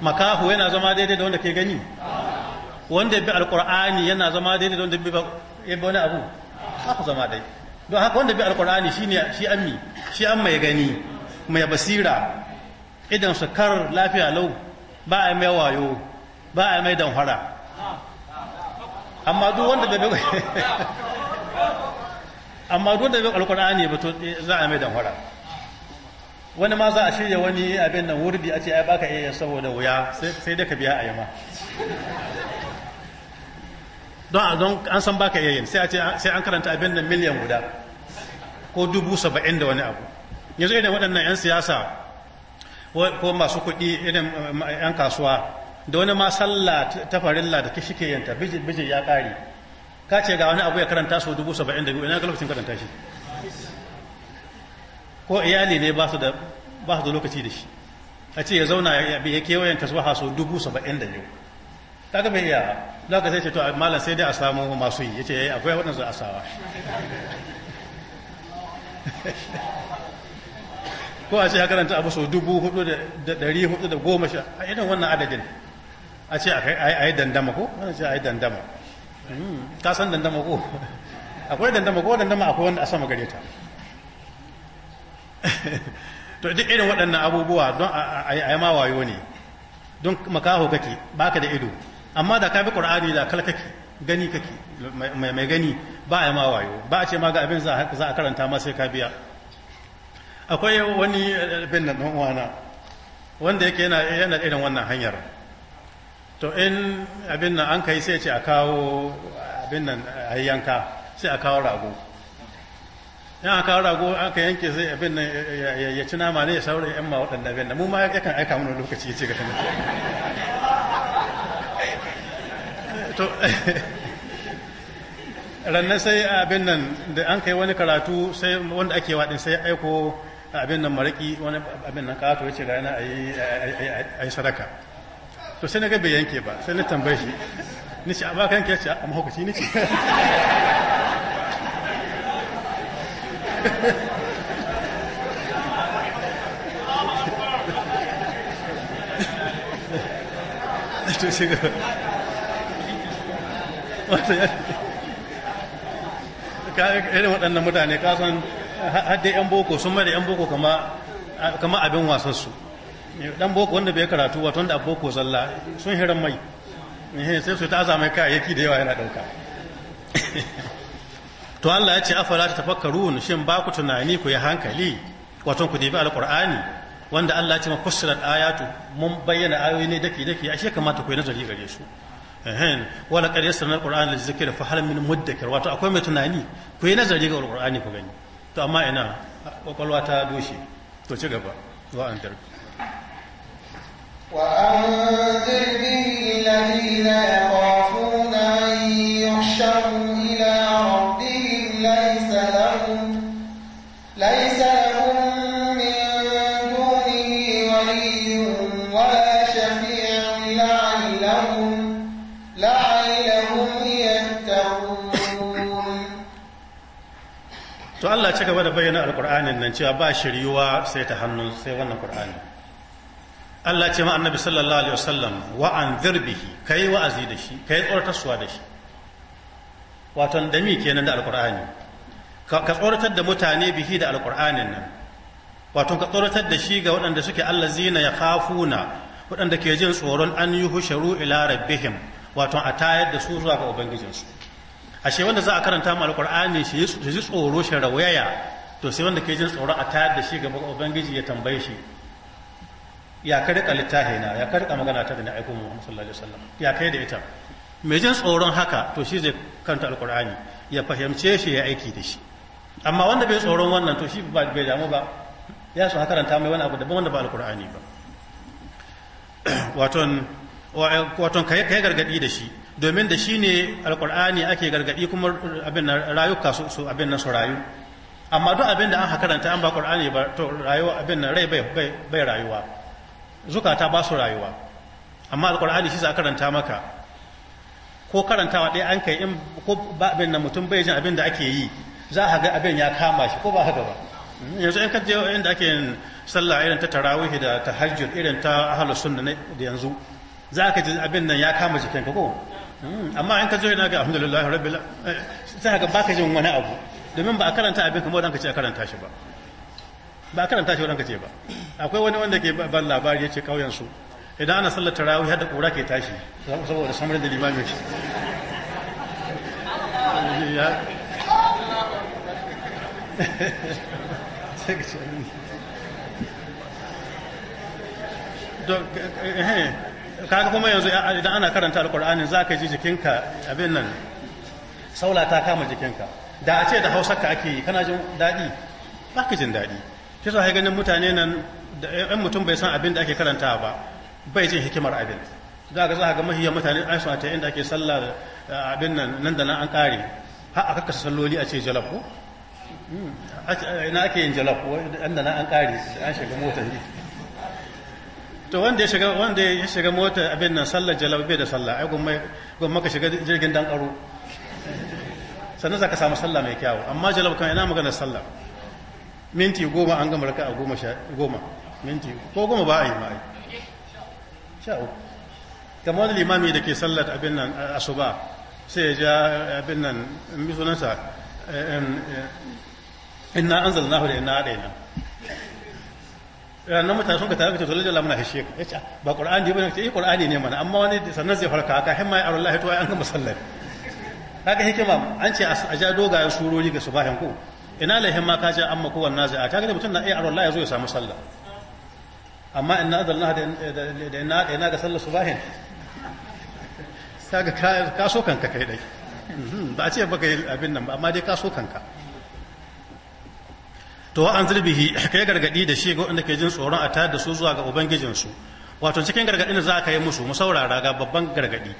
makaho yana zama daidai da wanda ke gani wanda bi alqur'ani yana zama daidai da wanda bi wani abu ba ku zama dai don haka wanda bi alqur'ani shine shi ammi shi an mai gani mai basira idan su kar lafiya lau ba a mai wayo ba a mai damfara amma duk wanda bai amma duk wanda bai alkur'ani ba to za a mai damfara wani ma za a shirya wani abin nan wurdi a ce ai baka iya saboda wuya sai da ka biya a ma don a don an san baka iya yin sai sai an karanta abin nan miliyan guda ko dubu saba'in da wani abu yanzu irin waɗannan 'yan siyasa ko masu kuɗi irin 'yan kasuwa da wani ma sallah ta farilla da ta shike yanta bijin ya ƙari ka ce ga wani abu ya karanta su dubu saba'in da biyu ina ga lokacin karanta shi ko iyali ne ba su da lokaci da shi a ce ya zauna ya kewayen tasbaha su dubu saba'in da biyu kaga bai iya za ka sai ce to malam sai dai a samu masu yi ya ce eh, akwai waɗansu a sawa ko a ce ya karanta abu sau dubu hudu da dari hudu da goma sha a idan wannan adadin a ce a yi dandama ko wani ce a yi dandama ta hmm, san dandama ko akwai dandama ko dandama akwai wanda a sama gare ta to duk irin waɗannan abubuwa don a yi ma wayo ne don makaho kake baka da ido amma da ka bi qur'ani da kal kake gani kake mai gani ba a yi ma wayo ba a ce ma ga abin za a karanta ma sai ka biya akwai wani eh, bin da ɗan uwana wanda yake yana yana irin wannan hanyar to in abin nan an kai sai ce a kawo abin nan a yanka sai a kawo rago yan a kawo rago aka yanke sai abin nan ya ci nama ne ya saura yan ma waɗanda abin nan mu ma yakan aika mana lokaci ya ce ga to rannan sai abin nan da an kai wani karatu sai wanda ake waɗin sai aiko abin nan maraki wani abin nan kato ya ce ga yana a yi sadaka to sai na ga bai yanke ba sai na tambaye shi ni ce abaka yanke ce a mahaukaci ni ce to sai ga wata irin waɗannan mutane kasan har yan boko sun mai da yan boko kama abin wasan su dan boko wanda bai karatu wato wanda boko zalla sun hiran mai eh, sai su ta aza mai kayayyaki da yawa yana dauka to Allah ya ce afala ta tafakkarun shin ba ku tunani ku yi hankali wato ku dibi alqur'ani wanda Allah ya ce mafassilat ayatu mun bayyana ayoyi ne daki daki ashe kamata ku yi nazari gare su ehen wala qad yassarna alqur'ana lizikri fa hal min muddakir wato akwai mai tunani ku yi nazari ga alqur'ani ku gani ta ma ina kwakwalwa ta doshe to ci gaba zuwa an tarbi wa an zirbi ilari na ya kwafo to Allah ci gaba da bayyana alkur'anin nan cewa ba shiryuwa sai ta hannu sai wannan qur'ani Allah ce ma annabi sallallahu alaihi wasallam wa anzir bihi kai wa'azi da shi kai tsoratarwa da shi waton da mi kenan da alkur'ani ka tsoratar da mutane bihi da alkur'anin nan wato ka tsoratar da shi ga waɗanda suke allazina ya khafuna waɗanda ke jin tsoron an yi sharu ila rabbihim wato a tayar da su zuwa ga ubangijinsu ashe wanda za a karanta mu alqur'ani shi ji tsoro shi rawaya to sai wanda ke jin tsoro a tayar da shi gaba ubangiji ya tambaye shi ya ka rika littafi na ya ka rika magana ta da na aiko Muhammad sallallahu alaihi wasallam ya kai da ita mai jin tsoron haka to shi zai karanta alqur'ani ya fahimce shi ya aiki da shi amma wanda bai tsoron wannan to shi ba bai damu ba ya so karanta mai wani abu daban wanda ba alqur'ani ba waton waton kai kai gargadi da shi domin da shi ne alkur'ani ake gargaɗi kuma abin na rayuka su abin na su rayu amma duk abin da an karanta an ba ƙur'ani ba to rayuwa abin nan rai bai rayuwa zukata ba su rayuwa amma alkur'ani shi za karanta maka ko karantawa ɗaya an kai in ko ba abin na mutum bai jin abin da ake yi za a ga abin ya kama shi ko ba haka ba yanzu in ka je inda ake yin sallah irin ta tarawih da tahajjud irin ta ahlus sunna da yanzu za ka ji abin nan ya kama jikinka ko Hmm. amma in ka zo yana ga alhamdulillah rabbil eh, sai ka baka jin wani abu domin ba a karanta abin kuma wadanka ka ce a karanta shi ba ba a karanta shi wanda ka ce ba akwai wani wanda ke ban labari yace kauyen su idan ana sallar tarawih har da kura ke tashi saboda samarin da limamin shi ya kaga kuma yanzu idan ana karanta alkur'ani za ka ji jikinka abin nan saula ta kama jikinka da a ce da hausa ka ake yi kana jin daɗi ba ka jin daɗi ki sa ganin mutane nan da ɗan mutum bai san abin da ake karanta ba bai jin hikimar abin za ga za ga mahiyar mutane an ta inda ake sallah abin nan nan da nan an kare har a kakkasa salloli a ce jalab ko hmm. ina ake yin jalab ko na nan an kare an shiga motar to wanda ya shiga wanda ya shiga mota abin nan sallar jalaba bai da sallah ai gumma gumma ka shiga jirgin dan karo sannan za ka samu sallah mai kyawu amma jalaba kan ina magana sallah minti goma an gama raka'a goma sha goma minti ko goma ba a yi ma ai sha uku kamar da limami da ke sallar abin nan asuba sai ya ja abin nan mi sunansa eh, eh, inna anzalnahu da inna adaina ranar mutane sun ka tare ka tole jalla muna hashe ka yace ba ƙur'ani qur'ani ne bane ce eh ƙur'ani ne mana amma wani sannan zai farka ka himma ya Allah to ai an ga musallar kaga hikima an ce a ja dogayen surori ga subahin ku ina la himma ka ja amma kowan nazi'a kaga da mutum na eh Allah ya zo ya samu sallah amma ina inna adalna da ina ina ga sallar subahin kaga ka so kanka kai dai mhm, ba a ce baka yi abin nan ba amma dai ka so kanka to an zirbihi kai gargadi da shi ga wanda ke jin tsoron a tayar da su zuwa ga ubangijinsu wato cikin gargadin da za ka yi musu musaurara ga babban gargadi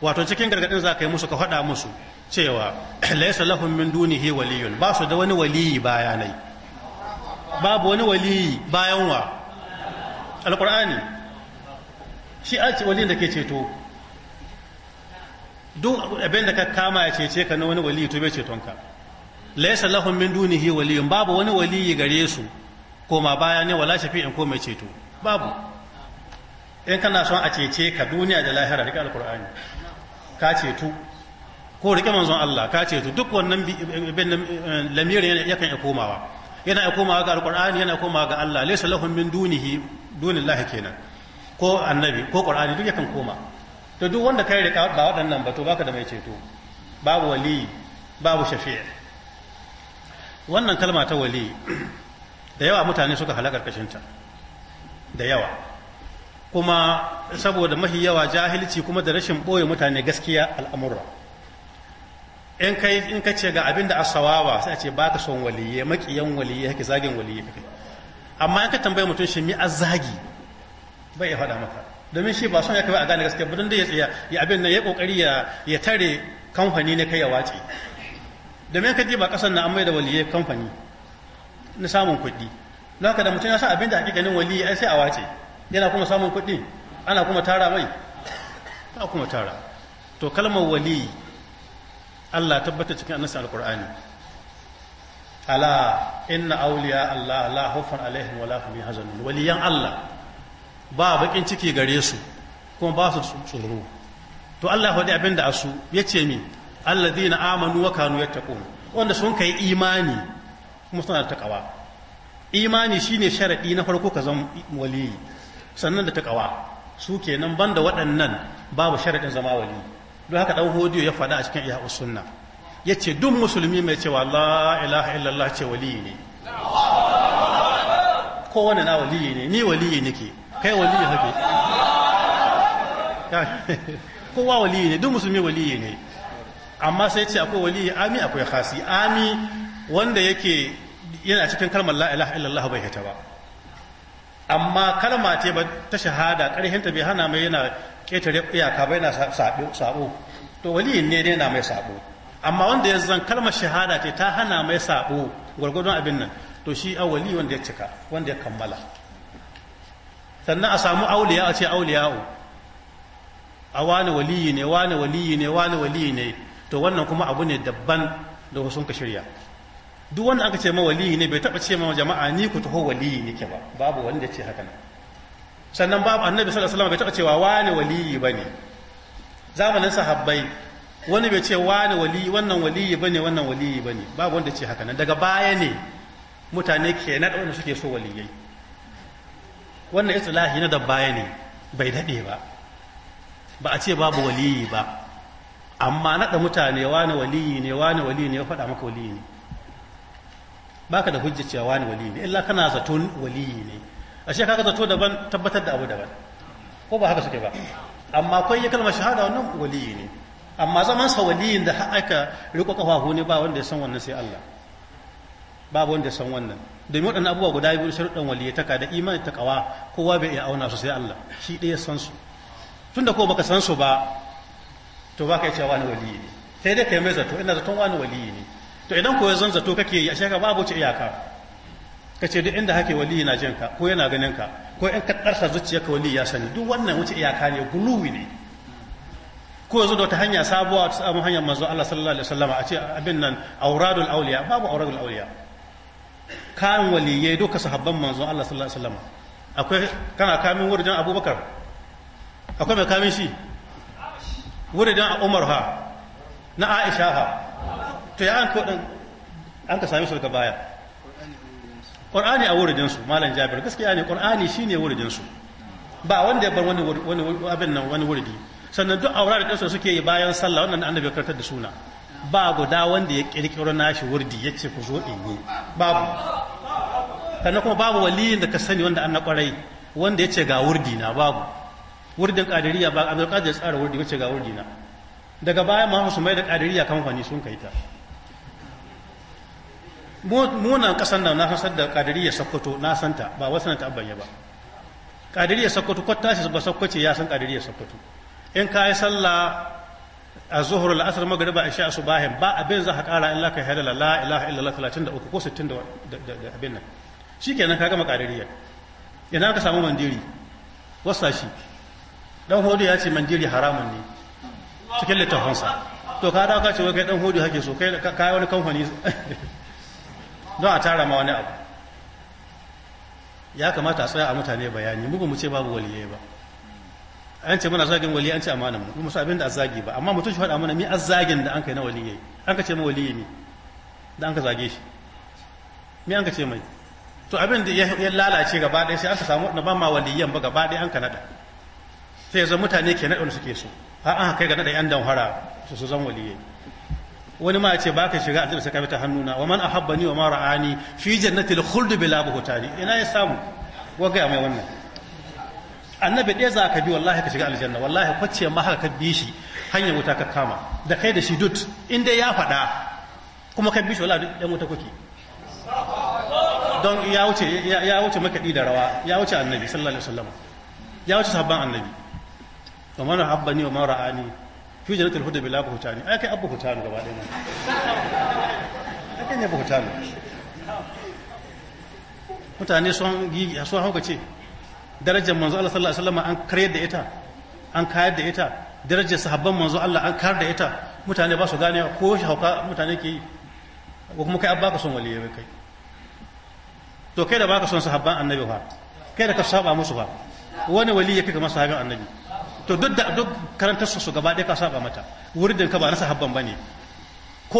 wato cikin gargadin za ka yi musu ka faɗa musu cewa laisa lahum min dunihi waliyun ba su da wani waliyi bayanai babu wani waliyi bayan wa alqur'ani shi a ce waliyin da ke ceto duk abin da ka kama ya cece ka na wani waliyi to bai ceton ka laisa lahum min dunihi waliyun babu wani waliyi gare su koma baya ne wala shafi'in ko mai ceto babu in kana son a cece ka duniya da lahira rika alqur'ani ka ceto ko rike manzon Allah ka ceto duk wannan lamirin yakan ya komawa yana ya komawa ga alqur'ani yana komawa ga Allah laisa lahum min dunihi dunillahi kenan ko annabi ko qur'ani duk yakan koma to duk wanda kai rika ba waɗannan ba to baka da mai ceto babu wali babu shafi'i wannan kalma ta wali da yawa mutane suka halakar kashinta da yawa kuma saboda mahi yawa jahilci kuma da rashin ɓoye mutane gaskiya al'amurra in ka ce ga abin da asawawa sai a ce ba ka son waliye maƙiyan waliye haka zagin waliye kake amma in ka tambaye mutum shi mi zagi bai ya faɗa maka domin shi ba son ya kai a gane gaskiya ba don da ya tsaya ya abin nan ya kokari ya tare kamfani ne kai ya wace da me kaje ba kasan na an da waliyai kamfani na samun kuɗi na ka da mutum ya sa abin da hakikanin waliyi ai sai a wace yana kuma samun kuɗi ana kuma tara mai ta kuma tara to kalmar waliyi Allah tabbata cikin annasin alkur'ani ala inna awliya Allah la khawfun alaihim wa la hum yahzanun waliyan Allah ba bakin ciki gare su kuma ba su tsoro to Allah faɗi abin da asu yace mi alladhina amanu wa kanu yattaqun wanda sun kai imani kuma suna da takawa imani shine sharaɗi na farko ka zama wali sannan da takawa su ban da waɗannan babu sharaɗin zama wali don haka dan hodiyo ya faɗa a cikin ihya'us sunna ce duk musulmi mai cewa la ilaha illallah ce wali ne kowane na waliyi ne ni waliyi nake kai waliyi hake kowa waliyi ne duk musulmi waliyi ne amma sai ce akwai wali ami akwai khasi ami wanda yake yana cikin kalmar la ilaha illallah bai hita ba amma kalma ce ba ta shahada ta bai hana mai yana ƙetare iyaka bai na sabo to wali ne yana mai sabo amma wanda ya zan kalmar shahada ce ta hana mai sabo gwargwadon abin nan to shi a wali wanda ya cika wanda ya kammala sannan a samu auliya a ce auliya'u a wani waliyi ne wani waliyi ne wani waliyi ne to wannan kuma abu ne daban da wasu ka shirya duk wanda aka ce ma ne bai taba ce mawa jama'a ni ku taho waliyi ke ba babu wanda ya ce haka nan sannan babu annabi sallallahu alaihi wasallam bai taba cewa wani waliyi bane zamanin sahabbai wani bai ce wani waliyi wannan waliyi bane wannan waliyi bane babu wanda ce haka nan daga baya ne mutane ke na da wanda suke so waliyai wannan istilahi na da baya ne bai dade ba ba a ce babu waliyi ba amma naɗa mutane wani waliyi ne wani waliyi ne ya faɗa maka waliyi ne baka da hujja cewa wani waliyi ne illa kana zaton waliyi ne ashe kaga zato daban tabbatar da abu daban ko ba haka suke ba amma kai ya kalmar shahada wannan waliyi ne amma zaman sa waliyin da aka riko kafafu ne ba wanda ya san wannan sai Allah babu wanda ya san wannan domin waɗannan abubuwa guda biyu sharuɗan waliyataka da imani ta kawa kowa bai iya auna su sai Allah shi ɗaya san su tunda ko baka san su ba to ba ka cewa wani waliyi ne sai dai kai mai zato ina zaton wani waliyi ne to idan ko zan zato kake yi a ka babu ce iyaka ka ce duk inda hake waliyi na jin ka ko yana ganin ka ko in ka ɗarsa ka waliyi ya sani duk wannan wuce iyaka ne guluwi ne ko yanzu da wata hanya sabuwa ta samun hanyar manzo Allah sallallahu alaihi wasallam a ce abin nan auradul auliya babu auradul auliya kan waliyai duka sahabban manzo Allah sallallahu alaihi wasallam akwai kana kamin wurin Abubakar akwai mai kamin shi wuridan umar ha na aisha ha to ya an kodin an ka sami sulka baya Qur'ani a wuridinsu malam jabir gaskiya ne Qur'ani shi ne wuridinsu ba wanda ya bar wani abin nan wani wuridi sannan duk aura da ɗansu suke yi bayan sallah wannan annabi karta da suna ba guda wanda ya ƙirƙiro nashi wurdi ya ce ku zo in yi babu sannan kuma babu waliyin da ka sani wanda an na ƙwarai wanda ya ce ga wurdi na babu wurdin kadiriya ba abdul qadir tsara wurdi wace ga wurdi na daga baya ma su mai da kadiriya kamfani sun kai ta munan kasan nan na hasar da kadiriya sakkwato na santa ba wasu nan ta abanye ba kadiriya sakkwato ko tashi ba sakkwace ya san kadiriya sakkwato in ka yi sallah a zuhur al'asar magariba isha subahin ba abin za ka kara illa ka halala la ilaha illallah 33 ko 60 da abin nan shikenan ka gama kadiriya ina ka samu mandiri wasa shi dan hudu ya ce manjiri haramun ne cikin littafansa to ka dawo ka ce kai dan hudu hake so kai kai wani kamfani don a tara ma wani abu ya kamata a tsaya a mutane bayani mugun mu ce babu waliyai ba an ce muna zagin waliyai an ce amanan mu musu abin da azzagi ba amma mutum shi faɗa mana mi azzagin da an kai na waliyai an ka ce ma waliyai ne da an ka zage shi mi an ka ce mai to abin da ya lalace gaba ɗaya sai ka samu na ba ma waliyan ba gaba ɗaya an ka naɗa sai ya mutane ke naɗa suke so a an kai ga naɗa yan damfara su su zan waliye wani ma ce baka shiga aljanna sai ka bi ta hannuna wa man ahabbani wa ma ra'ani fi jannatil khuld bila buhtani ina ya samu wa ga mai wannan annabi ɗaya za ka bi wallahi ka shiga aljanna wallahi kwacce ma haka ka bi shi hanyar wuta ka kama da kai da shi dut in dai ya faɗa kuma ka bi shi wallahi ɗan wuta kuke don ya wuce makaɗi da rawa ya wuce annabi sallallahu alaihi wasallam ya wuce sabban annabi wa man habbani wa man ne fi jannatil huda bila buhtani ai kai abu hutanu gaba ɗaya ai kai ne abu hutanu mutane sun gigi sun hauka ce darajar manzo Allah sallallahu alaihi wasallam an karyar da ita an kayar da ita darajar sahabban manzo Allah an kayar da ita mutane ba su gane ko shi hauka mutane ke yi wa kuma kai abba ka son waliyai bai kai to kai da ba ka son sahabban annabi ba kai da ka saba musu ba wani wali ya kika masa sahabban annabi to duk da duk karantar su gaba ɗaya ka saba mata wuridin ka ba na sahabban bane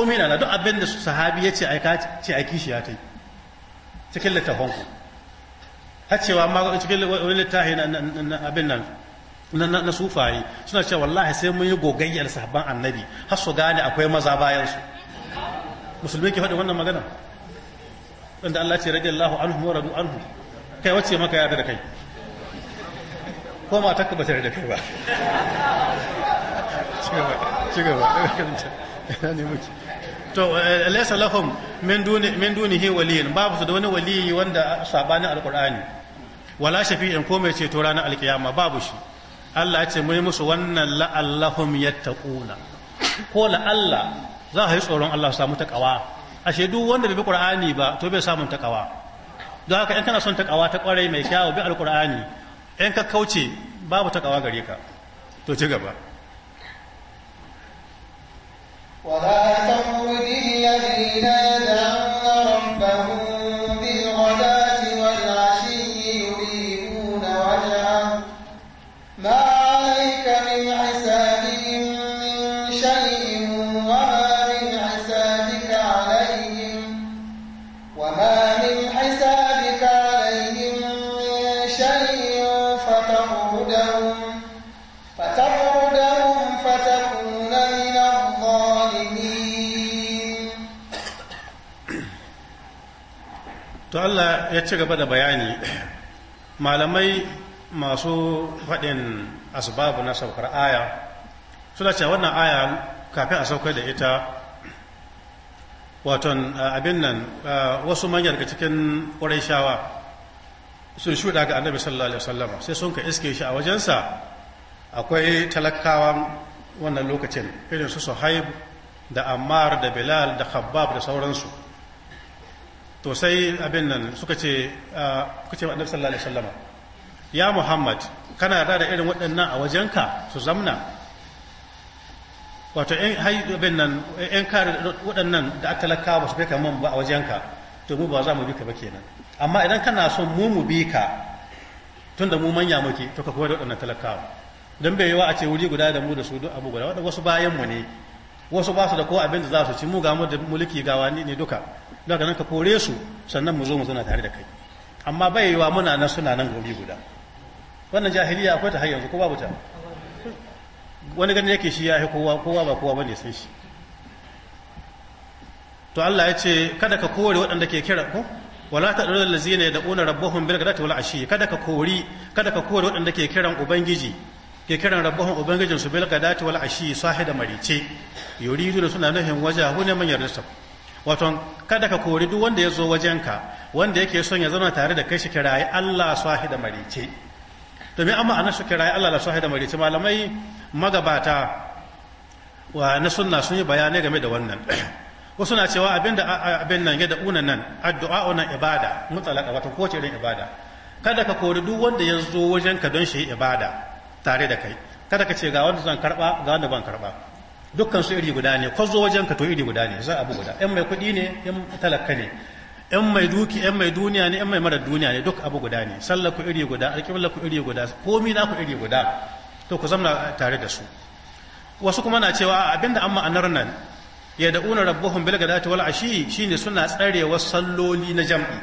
mina na duk abin da sahabi ya ce ai ka ce ai kishi ya tai cikin littafin ku har cewa ma cikin littafi na abin nan na na sufaye suna cewa wallahi sai mun yi gogayyar sahabban annabi har su gane akwai maza bayan su musulmi ke faɗi wannan magana wanda Allah ce radiyallahu anhu wa radu anhu kai wacce maka yarda da kai ko ma taka bata da kai ba ci. to eh, laysa lahum min duni min dunihi waliyin babu su da wani waliyi wanda sabanin alqur'ani wala shafi'in ko mai ceto ranar alkiyama babu shi Allah ya ce mu musu wannan la'allahum yattaquna ko la'alla za a yi tsoron Allah su samu takawa ashe duk wanda bai bi qur'ani ba to bai samu takawa don haka in kana son takawa ta kwarai mai kyawu bi alqur'ani Yan ka kauce babu ta ƙawa gare ka to ci gaba wa la tamudi yadina da rabbahu Allah ya ci gaba da bayani malamai masu faɗin asbabu na saukar aya suna cewa wannan aya kafin a saukar da ita waton abin nan wasu manyan daga cikin shawa sun shuɗa ga annabi sallallahu alaihi wasallam sai sun ka iske shi a wajensa akwai talakawa wannan lokacin irin su suhaib da ammar da bilal da khabbab da sauransu to sai abin nan suka ce kuka ce annabi sallallahu alaihi wasallam ya muhammad kana da da irin waɗannan a wajenka su zamna wato in eh, hai abin nan eh, in kare waɗannan da talaka ba su kai kaman ba a wajenka to mu ba za mu bi ka ba kenan amma idan kana son mu mu bi ka tunda mu manya muke to ka koyar da waɗannan talakawa don bai yiwa a ce wuri guda da mu da su duk abu guda wasu bayan mu ne wasu ba su da ko abin da za su ci mu ga mu da mulki gawa ne duka daga nan ka kore su sannan mu zo mu zauna tare da kai amma bai yiwa muna nan suna nan gobe guda wannan jahiliya akwai ta har yanzu ko babu ta wani gani yake shi ya yi kowa kowa ba kowa bane sun shi to Allah ya ce kada ka kore waɗanda ke kira ko wala ta ɗaura da zina da ƙuna rabbohun bil gadati wal ashi kada ka kori kada ka kore waɗanda ke kiran ubangiji ke kiran rabbahun ubangijin su bil gadati wal ashi sahi da marice yuridu suna nuhin wajahu ne man yarda waton kada ka kori duk wanda ya zo wajenka wanda yake son ya zama tare da kai shi kirayi Allah sahi da marice domin amma ana shi kirayi Allah la sahi da marice malamai magabata wa na sunna sun yi bayanai game da wannan wasu na cewa abinda abin nan ya da unan nan addu'a nan ibada mutalaka wato kowace irin ibada kada ka kori duk wanda ya zo wajenka don shi ibada tare da kai kada ka ce ga wanda zan karba ga wanda ban karba dukkan su iri guda ne kwazo wajen ka to iri guda ne za a bu guda yan mai kuɗi ne yan talaka ne yan mai duki yan mai duniya ne yan mai mara duniya ne duk abu guda ne sallar ku iri guda alƙiblar ku iri guda komi na ku iri guda to ku zamna tare da su wasu kuma na cewa abinda an ma'anar nan ya una rabbuhum bil gadati wal ashi shine suna tsarewa salloli na jam'i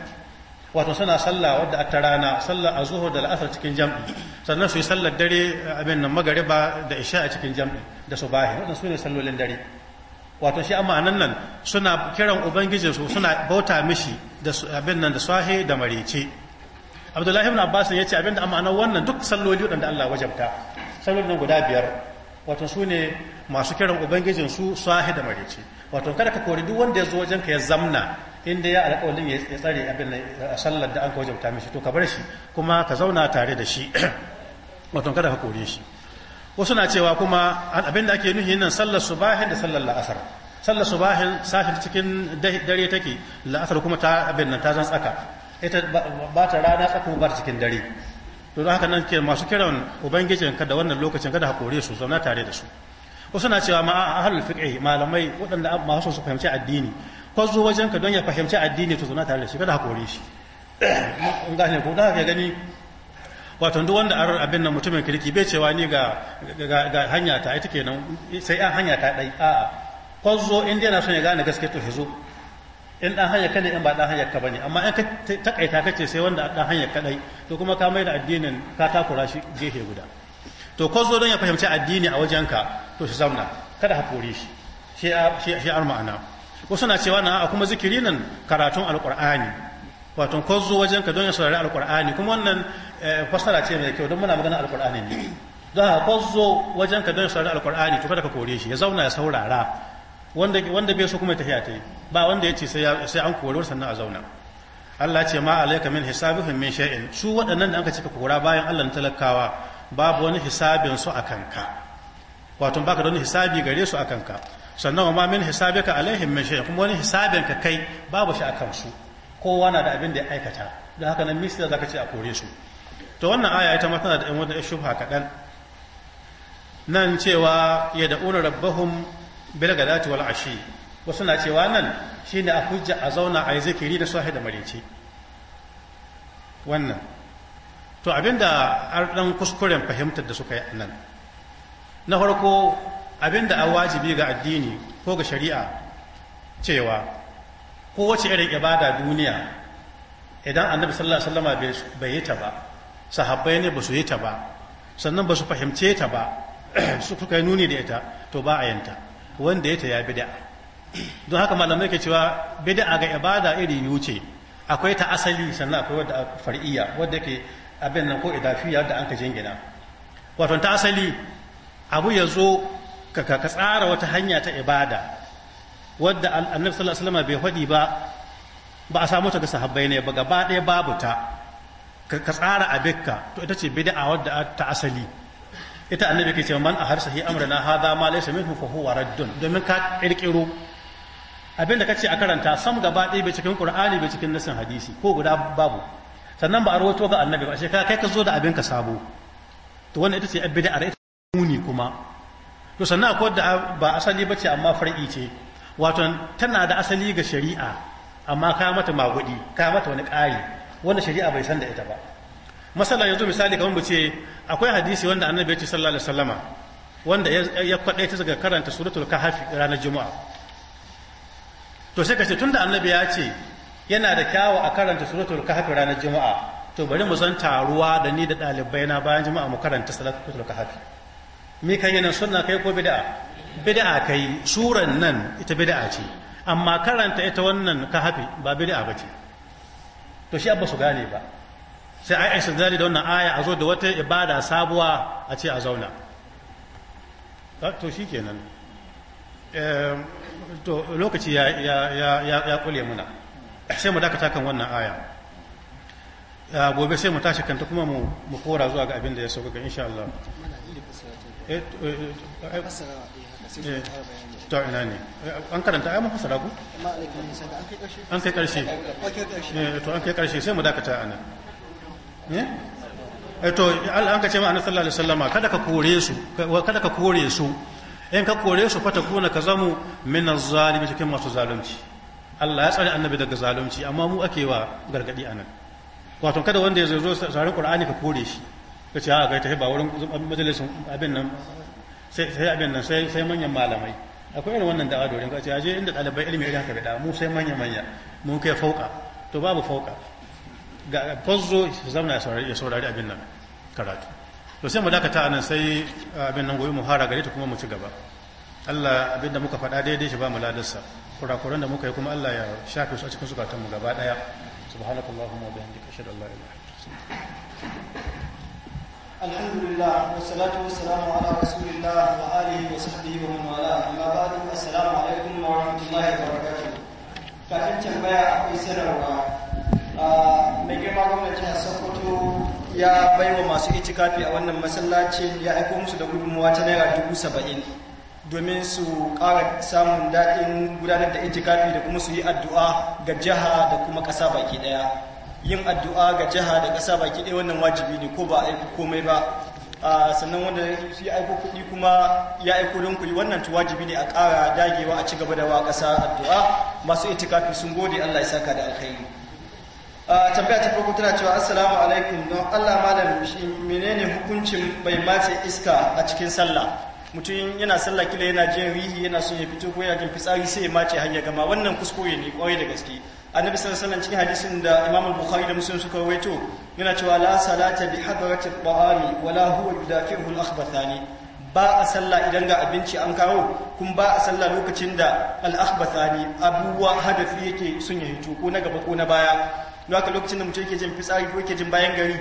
wato suna salla wadda a tarana salla a zuhur da la'asar cikin jam'i sannan su yi sallar dare abin nan magariba da isha a cikin jam'i da subahi wannan sune sallolin dare wato shi amma nan nan suna kiran ubangijinsu suna bauta mishi da abin nan da swahe da marice abdullahi ibn abbas ya ce abin da amma nan wannan duk salloli da Allah wajabta sallolin nan guda biyar wato su ne masu kiran ubangijinsu swahe da marice wato kada ka kori duk wanda ya zo wajenka ya zamna inda ya alƙawalin ya tsare abin a sallar da an ka wajabta mishi to ka bar shi kuma ka zauna tare da shi wato kada ka kore shi wasu na cewa kuma abin da ake nuhi nan sallar subahin da sallar la'asar sallar subahin safin cikin dare take la'asar kuma ta abin nan ta zan tsaka ita ba ta rana tsaka ba ta cikin dare to haka nan ke masu kiran ubangijin kada wannan lokacin kada hakore su zauna tare da su wasu na cewa ma ahlul fiqh malamai waɗanda masu su fahimci addini ko zo wajen ka don ya fahimci addini to zauna tare da shi kada hakore shi da ka gani wato duk wanda an abin nan mutumin kirki bai cewa ni ga ga hanya ta ita kenan sai an hanya ta dai a'a kwazo in dai na ya gane gaske to hizo in dan hanya kada in ba dan hanya ka bane amma in ka takaita kace sai wanda dan hanya kadai to kuma ka mai da addinin ka takura shi gefe guda to kwazo don ya fahimci addini a wajenka to shi zauna kada hakuri shi shi shi ma'ana wasu na cewa na a kuma zikiri nan karatun alqur'ani wato ko zo wajen ka don ya saurari alkur'ani kuma wannan eh, fasara ce mai kyau don muna magana alkur'ani ne don haka ko zo wajen ka don ya saurari alkur'ani to kada ka kore shi ya zauna ya saurara wanda wanda bai so kuma tafiya ta yi ba wanda ya ce sai an kore sannan a zauna Allah ce ma alaika min hisabihim min shay'in su waɗannan da ce ka kora bayan Allah talakawa babu wani hisabin su akan ka wato baka da wani hisabi gare su akan ka sannan wa ma min hisabika alaihim min shay'in kuma wani hisabin ka kai babu shi akan su kowa na da abin da ya aikata da haka nan misira za ka ce a kore su to wannan aya ita ma tana da ɗan wata shubha kaɗan nan cewa ya da ura rabbahun bil gadati wal ashi wasu na cewa nan shi ne a hujja a zauna a yi zikiri da sahi da marice wannan to abinda an dan kuskuren fahimtar da suka yi nan na farko abinda a wajibi ga addini ko ga shari'a cewa kowace irin ibada duniya idan annabi sallallahu alaihi wasallam bai yi ta ba sahabbai ne ba su yi ta ba sannan ba su fahimce ta ba su kuka nuni da ita to ba a yanta wanda ya ta ya bid'a don haka malamai ke cewa bid'a ga ibada iri biyu ce akwai ta asali sannan akwai wadda far'iyya wadda ke abin nan ko idafiya da an ka jingina wato ta asali abu ya zo ka tsara wata hanya ta ibada wadda annabi sallallahu alaihi wasallam bai hadi ba ba a samu ta ga sahabbai ne ba gaba ɗaya babu ta ka tsara abinka to ita ce bid'a wadda ta asali ita annabi ke ce man a harsahi amrana hadha ma laysa minhu fa huwa raddun domin ka kirkiro abin da kace a karanta sam gaba ɗaya bai cikin qur'ani bai cikin nasin hadisi ko guda babu sannan ba a rawaito ga annabi ba shekara kai ka zo da abin ka sabo to wannan ita ce bid'a ita muni kuma to sannan akwai da ba asali bace amma far'i ce wato tana da asali ga shari'a amma ka mata magudi ka mata wani ƙari wanda shari'a bai san da ita ba masala yanzu misali kamar mu ce akwai hadisi wanda annabi ya ce sallallahu alaihi wasallama wanda ya kwadai ta daga karanta suratul kahf ranar juma'a to sai ka ce tunda annabi ya ce yana da kyawu a karanta suratul kahf ranar juma'a to bari mu san taruwa da ni da ɗalibai na bayan juma'a mu karanta suratul kahf me kan yana sunna kai ko bid'a bid'a kai suran nan ita bid'a ce amma karanta ita wannan ka hafi ba bid'a ba ce to shi abba su gane ba sai ai istidlali da wannan aya a zo da wata ibada sabuwa a ce a zauna ah, to shi kenan ehm, to lokaci ya ya ya kule muna sai mu dakata kan wannan aya ah, gobe sai mu tashi kanta kuma mu kora zuwa ga abin da ya sauka insha Allah eh, eh, eh, ta eh, ina ne eh, an karanta ai mafasara ku an kai karshe eh, to an kai karshe sai mu dakata anan eh to an ka ce ma sallallahu alaihi wasallama kada ka kore su kada ka kore su in ka kore su fata kuna ka zamu min zalimi cikin masu zalunci Allah ya tsare annabi daga zalunci amma mu ake wa gargadi anan wato kada wanda ya zo saurari qur'ani ka kore shi ka ce a ga ta ba wurin majalisin abin nan sai abin nan sai manyan malamai akwai irin wannan da'a dorin kace aje inda talibai ilimi irin haka bida mu sai manya manya mun kai fauka to babu fauka ga fazzo zamna ya saurari abin nan karatu to sai mu dakata anan sai abin nan goyi mu hara gare ta kuma mu ci gaba Allah abin da muka faɗa daidai shi ba mu ladarsa kurakuran da muka yi kuma Allah ya shafe su a cikin zukatanmu gaba daya subhanakallahumma wa bihamdika ashhadu an la ilaha illa anta الحمد لله والصلاة والسلام على رسول الله وآله وصحبه ومن والاه أما بعد السلام عليكم ورحمة الله وبركاته kafin tambaya akwai sanarwa ah, mai girma gwamnati a sokoto ya baiwa masu itikafi a wannan masallacin ya aiko musu da gudunmuwa ta naira dubu saba'in domin su ƙara samun daɗin gudanar da itikafi da kuma su yi addu'a ga jiha da kuma ƙasa baki ɗaya yin addu'a ga jiha da ƙasa baki ɗaya wannan wajibi ne ko ba a aiko komai ba sannan wanda ya aiko kuɗi kuma ya aiko don kuɗi wannan tu wajibi ne a ƙara dagewa a ci gaba da wa ƙasa addu'a masu itikafi sun gode Allah ya saka da alkhairi tambaya ta farko tana cewa assalamu alaikum don Allah malam shi menene hukuncin bai mace iska a cikin sallah mutum yana sallah kila yana jin rihi yana son ya fito ko yana jin fitsari sai ya mace hanya gama wannan kuskure ne kwarai da gaske annabi sallallahu alaihi cikin hadisin da imam bukhari da muslim suka rawaito yana cewa la salata bi hadrati at-ta'ami wala huwa yudakiru al-akhbathani ba a sallah idan ga abinci an kawo kun ba a sallah lokacin da al-akhbathani abuwa hadafi yake sun yi hito ko na gaba ko na baya lokacin lokacin da mutum yake jin fitsari ko yake jin bayan gari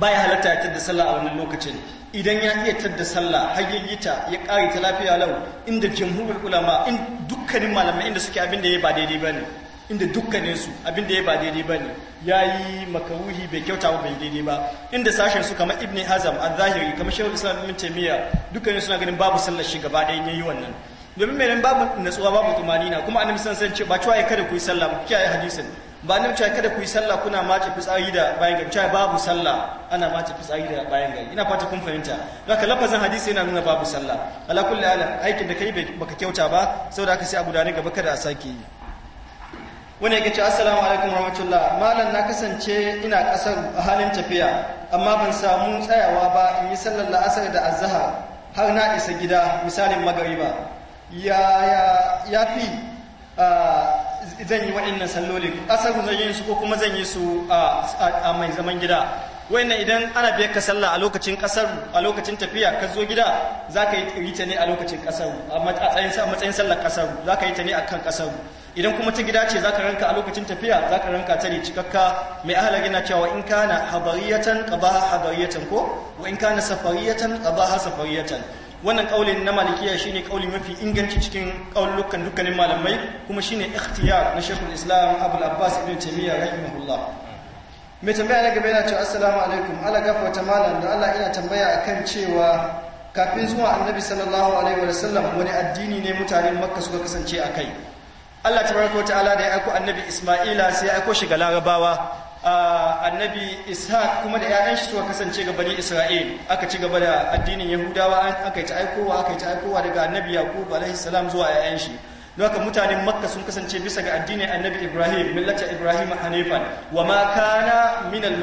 baya halatta ya tadda sallah a wannan lokacin idan ya iya tadda sallah har ya yi ta ya kare ta lafiya lau inda jamhurin ulama in dukkanin malamai inda suke abin da ya ba daidai bane inda dukkaninsu abin da ya ba daidai ba ne ya yi makaruhi bai kyauta ba bai daidai ba inda sashen su kamar ibn hazam a zahiri kamar shehu islam ibn taimiyya dukkanin suna ganin babu sallar shi gaba ɗaya ya yi wannan domin mai babu natsuwa babu tumanina kuma annabi san san ce ba cewa ya kada ku yi sallah ku kiyaye hadisin ba annabi cewa kada ku yi sallah kuna mace fitsari da bayan gari cewa babu sallah ana mace fitsari da bayan gari ina fata kun fahimta haka lafazin hadisi yana nuna babu sallah ala kulli aikin da kai baka kyauta ba saboda haka sai a gudanar gaba kada a sake yi wani yake ce assalamu alaikum rahmatullah malam na kasance ina kasar a halin tafiya amma ban samu tsayawa ba in yi sallar la'asar da azahar har na isa gida misalin ba ya fi zan yi waɗannan salloli ƙasar zan yi su ko kuma zan yi su a mai zaman gida wayannan idan ana biyarka salla sallah a lokacin kasar a lokacin tafiya ka zo gida za ka yi ta ne a lokacin kasar a matsayin sallar kasar za ka yi ta ne a kan kasar idan kuma ta gida ce za ka ranka a lokacin tafiya za ka ranka ta ne cikakka mai ahalar yana cewa in kana habariyatan qabaha habariyatan ko wa in kana safariyatan qabaha safariyatan wannan kaulin na malikiya shine kauli mafi inganci cikin kaulukan dukkanin malamai kuma shine ikhtiyar na shekul islam abul abbas ibn taymiyyah rahimahullah mai tambaya na gaba yana cewa assalamu alaikum ala gafarta malam da Allah ina tambaya akan cewa kafin zuwa annabi sallallahu alaihi wa sallam wani addini ne mutane makka suka kasance a kai Allah tabaraka wa ta'ala da ya aiko annabi isma'ila sai ya aiko shi ga larabawa annabi ishaq kuma da ƴaƴan shi suka kasance ga bani isra'il aka ci gaba da addinin yahudawa aka yi ta aikowa aka yi ta daga annabi yaqub alaihi salam zuwa ƴaƴan shi haka mutanen makka sun kasance bisa ga addinin annabi ibrahim millata ibrahim hanifan wa ma kana min al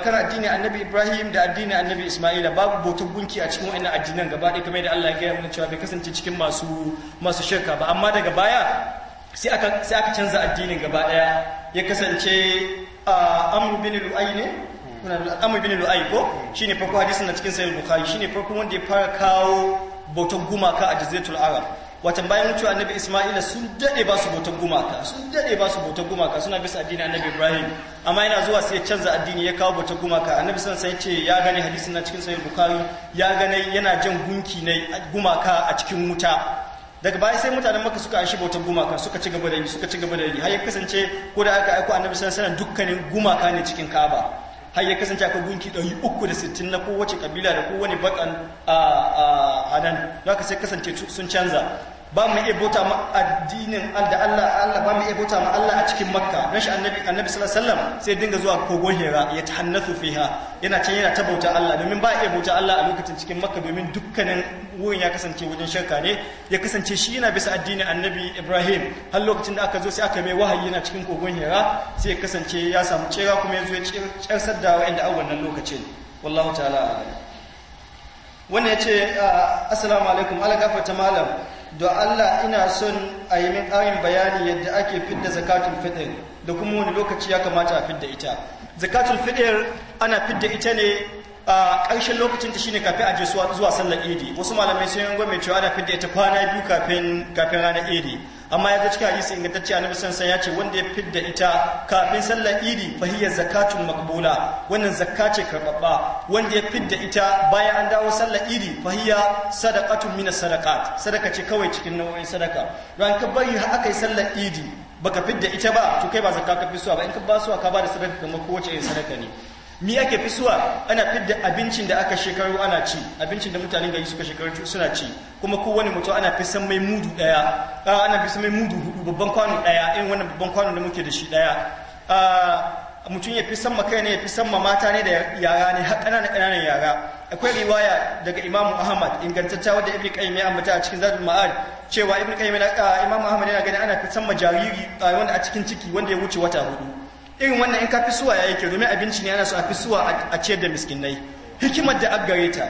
kan addinin annabi ibrahim da addinin annabi isma'ila babu bautar gunki a cikin wannan addinan gaba ɗaya kamar da Allah ya gaya mana cewa bai kasance cikin masu masu shirka ba amma daga baya sai aka sai aka canza addinin gaba ɗaya ya kasance amru bin lu'ay ne amru bin lu'ay ko shine farko hadisin na cikin sahih bukhari shine farko wanda ya fara kawo bautar gumaka a jaziratul arab watan bayan mutuwa annabi Isma'ila sun dade ba su bautar gumaka sun dade ba su bautar gumaka suna bisa addini annabi Ibrahim amma yana zuwa sai ya canza addini ya kawo bautar gumaka annabi san sai ce ya gane hadisin na cikin sahih Bukhari ya gane yana jan gunki ne gumaka a cikin wuta daga baya sai mutanen maka suka aishi bautar gumaka suka ci gaba da yi suka ci gaba da yi har ya kasance ko da aka aiko annabi sallallahu alaihi dukkanin gumaka ne cikin Kaaba har ya kasance akwai gunki ɗari uku da sittin na kowace kabila da kowane bakan a nan za ka sai kasance sun canza ba mu iya bauta ma addinin da Allah Allah ba mu iya bauta ma Allah a cikin Makka don shi annabi annabi sallallahu alaihi wasallam sai dinga zuwa kogon Hira ya tahannasu fiha yana can yana ta bauta Allah domin ba iya bauta Allah a lokacin cikin Makka domin dukkanin wurin ya kasance wajen shirka ne ya kasance shi yana bisa addinin annabi Ibrahim har lokacin da aka zo sai aka mai wahayi yana cikin kogon Hira sai ya kasance ya samu cewa kuma ya zo ya cersar da wa'anda a wannan lokacin wallahu ta'ala wannan ya ce ah, assalamu alaikum alaka fata malam don Allah ina son a yi min ƙarin bayani yadda ake fidda zakatun fitr da kuma wani lokaci ya kamata a fidda ita zakatun fitr ana fidda ita ne a ƙarshen lokacin ta ne kafin a je zuwa sallar idi wasu malamai sun yi gwamnati cewa ana fidda ita kwana biyu kafin kafin ranar idi amma ya ga cikin hadisi ingantacce annabi sansan ya ce wanda ya fidda ita kafin sallar idi fahiyya zakatun makbula wannan zakka ce karbabba wanda ya fidda ita bayan an dawo sallar idi fahiyya sadaqatun min sadaqat sadaka ce kawai cikin nau'in sadaka ran ka bari har aka yi sallar idi baka fidda ita ba to kai ba zakka ka fi so ba in ka ba suwa ka ba da sadaka kamar kowace irin sadaka ne mi ake fi suwa ana fidda abincin da aka shekaru ana ci abincin da mutanen gari suka shekaru suna ci kuma kowane mutum ana fi san mai mudu daya ah, ana fi san mai mudu hudu babban kwano daya irin wannan babban kwano da muke da shi daya ah, mutum ya fi san ma ne ya fi san mamata mata ne da yara ne har ƙananan ƙananan yara akwai riwaya daga Imam Ahmad ingantacciya wadda Ibn Qayyim ya ambata a cikin Zadul Ma'ad cewa Ibn Qayyim ah, Imam Ahmad yana gani ana fi san ma jariri wanda a cikin ciki wanda ya wuce wata hudu irin wannan in ka fi suwa ya ke domin abinci ne ana so a fi suwa a ciyar da miskinai hikimar da aka gare ta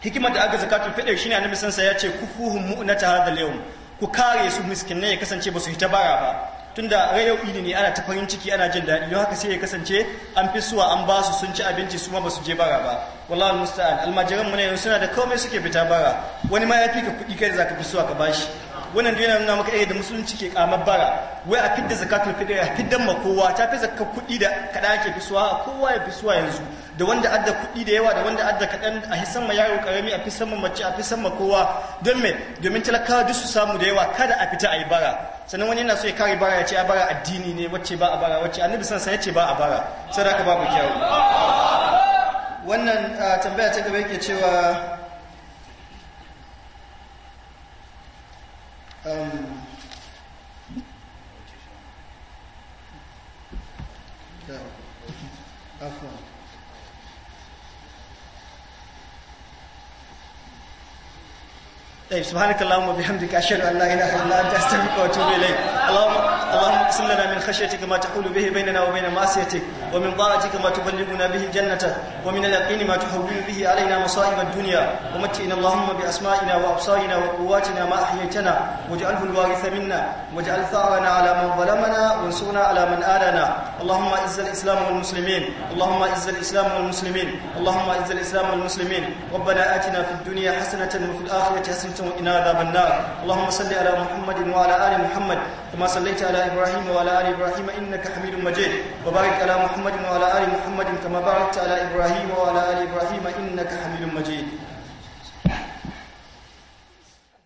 hikimar da aka shi ne a annabi sa ya ce ku na tare da leon ku kare su miskinai ya kasance ba su hita bara ba tunda rayau idi ne ana ta farin ciki ana jin daɗi don haka sai ya kasance an fi suwa an ba su sun ci abinci su ma ba su je bara ba wallahi musta'an almajiran mu ne suna da komai suke fita bara wani ma ya fi ka kuɗi kai zaka fi suwa ka bashi wannan duniya yana nuna maka ɗaya da musulunci ke kamar bara wai a fidda zakatul fidda a fiddan ma kowa ta fi zaka kuɗi da kaɗa ake fi suwa kowa ya fi suwa yanzu da wanda adda kuɗi da yawa da wanda adda kaɗan a hisan ma yaro karami a fisan ma mace a fisan ma kowa don me domin talakawa duk su samu da yawa kada a fita a yi bara sannan wani yana so ya kare bara ya ce a bara addini ne wacce ba a bara wacce annabi sa ya ce ba a bara sai da ka babu kyau wannan ah, tambaya ta gaba yake cewa Um, yeah. Afwan. طيب سبحانك اللهم وبحمدك أشهد أن لا إله إلا أنت أستغفرك وأتوب إليك اللهم اللهم اقسم لنا من خشيتك ما تحول به بيننا وبين معصيتك ومن طاعتك ما تبلغنا به جنتك ومن اليقين ما تحول به علينا مصائب الدنيا ومتئنا اللهم بأسمائنا وأبصارنا وقواتنا ما أحييتنا واجعله الوارث منا واجعل ثأرنا على من ظلمنا وانصرنا على من آلنا اللهم أعز الإسلام والمسلمين اللهم أعز الإسلام والمسلمين اللهم أعز الإسلام والمسلمين ربنا آتنا في الدنيا حسنة وفي الآخرة حسنة الجنة وقنا عذاب النار اللهم صل على محمد وعلى آل محمد كما صليت على إبراهيم وعلى آل إبراهيم إنك حميد مجيد وبارك على محمد وعلى آل محمد كما باركت على إبراهيم وعلى آل إبراهيم إنك حميد مجيد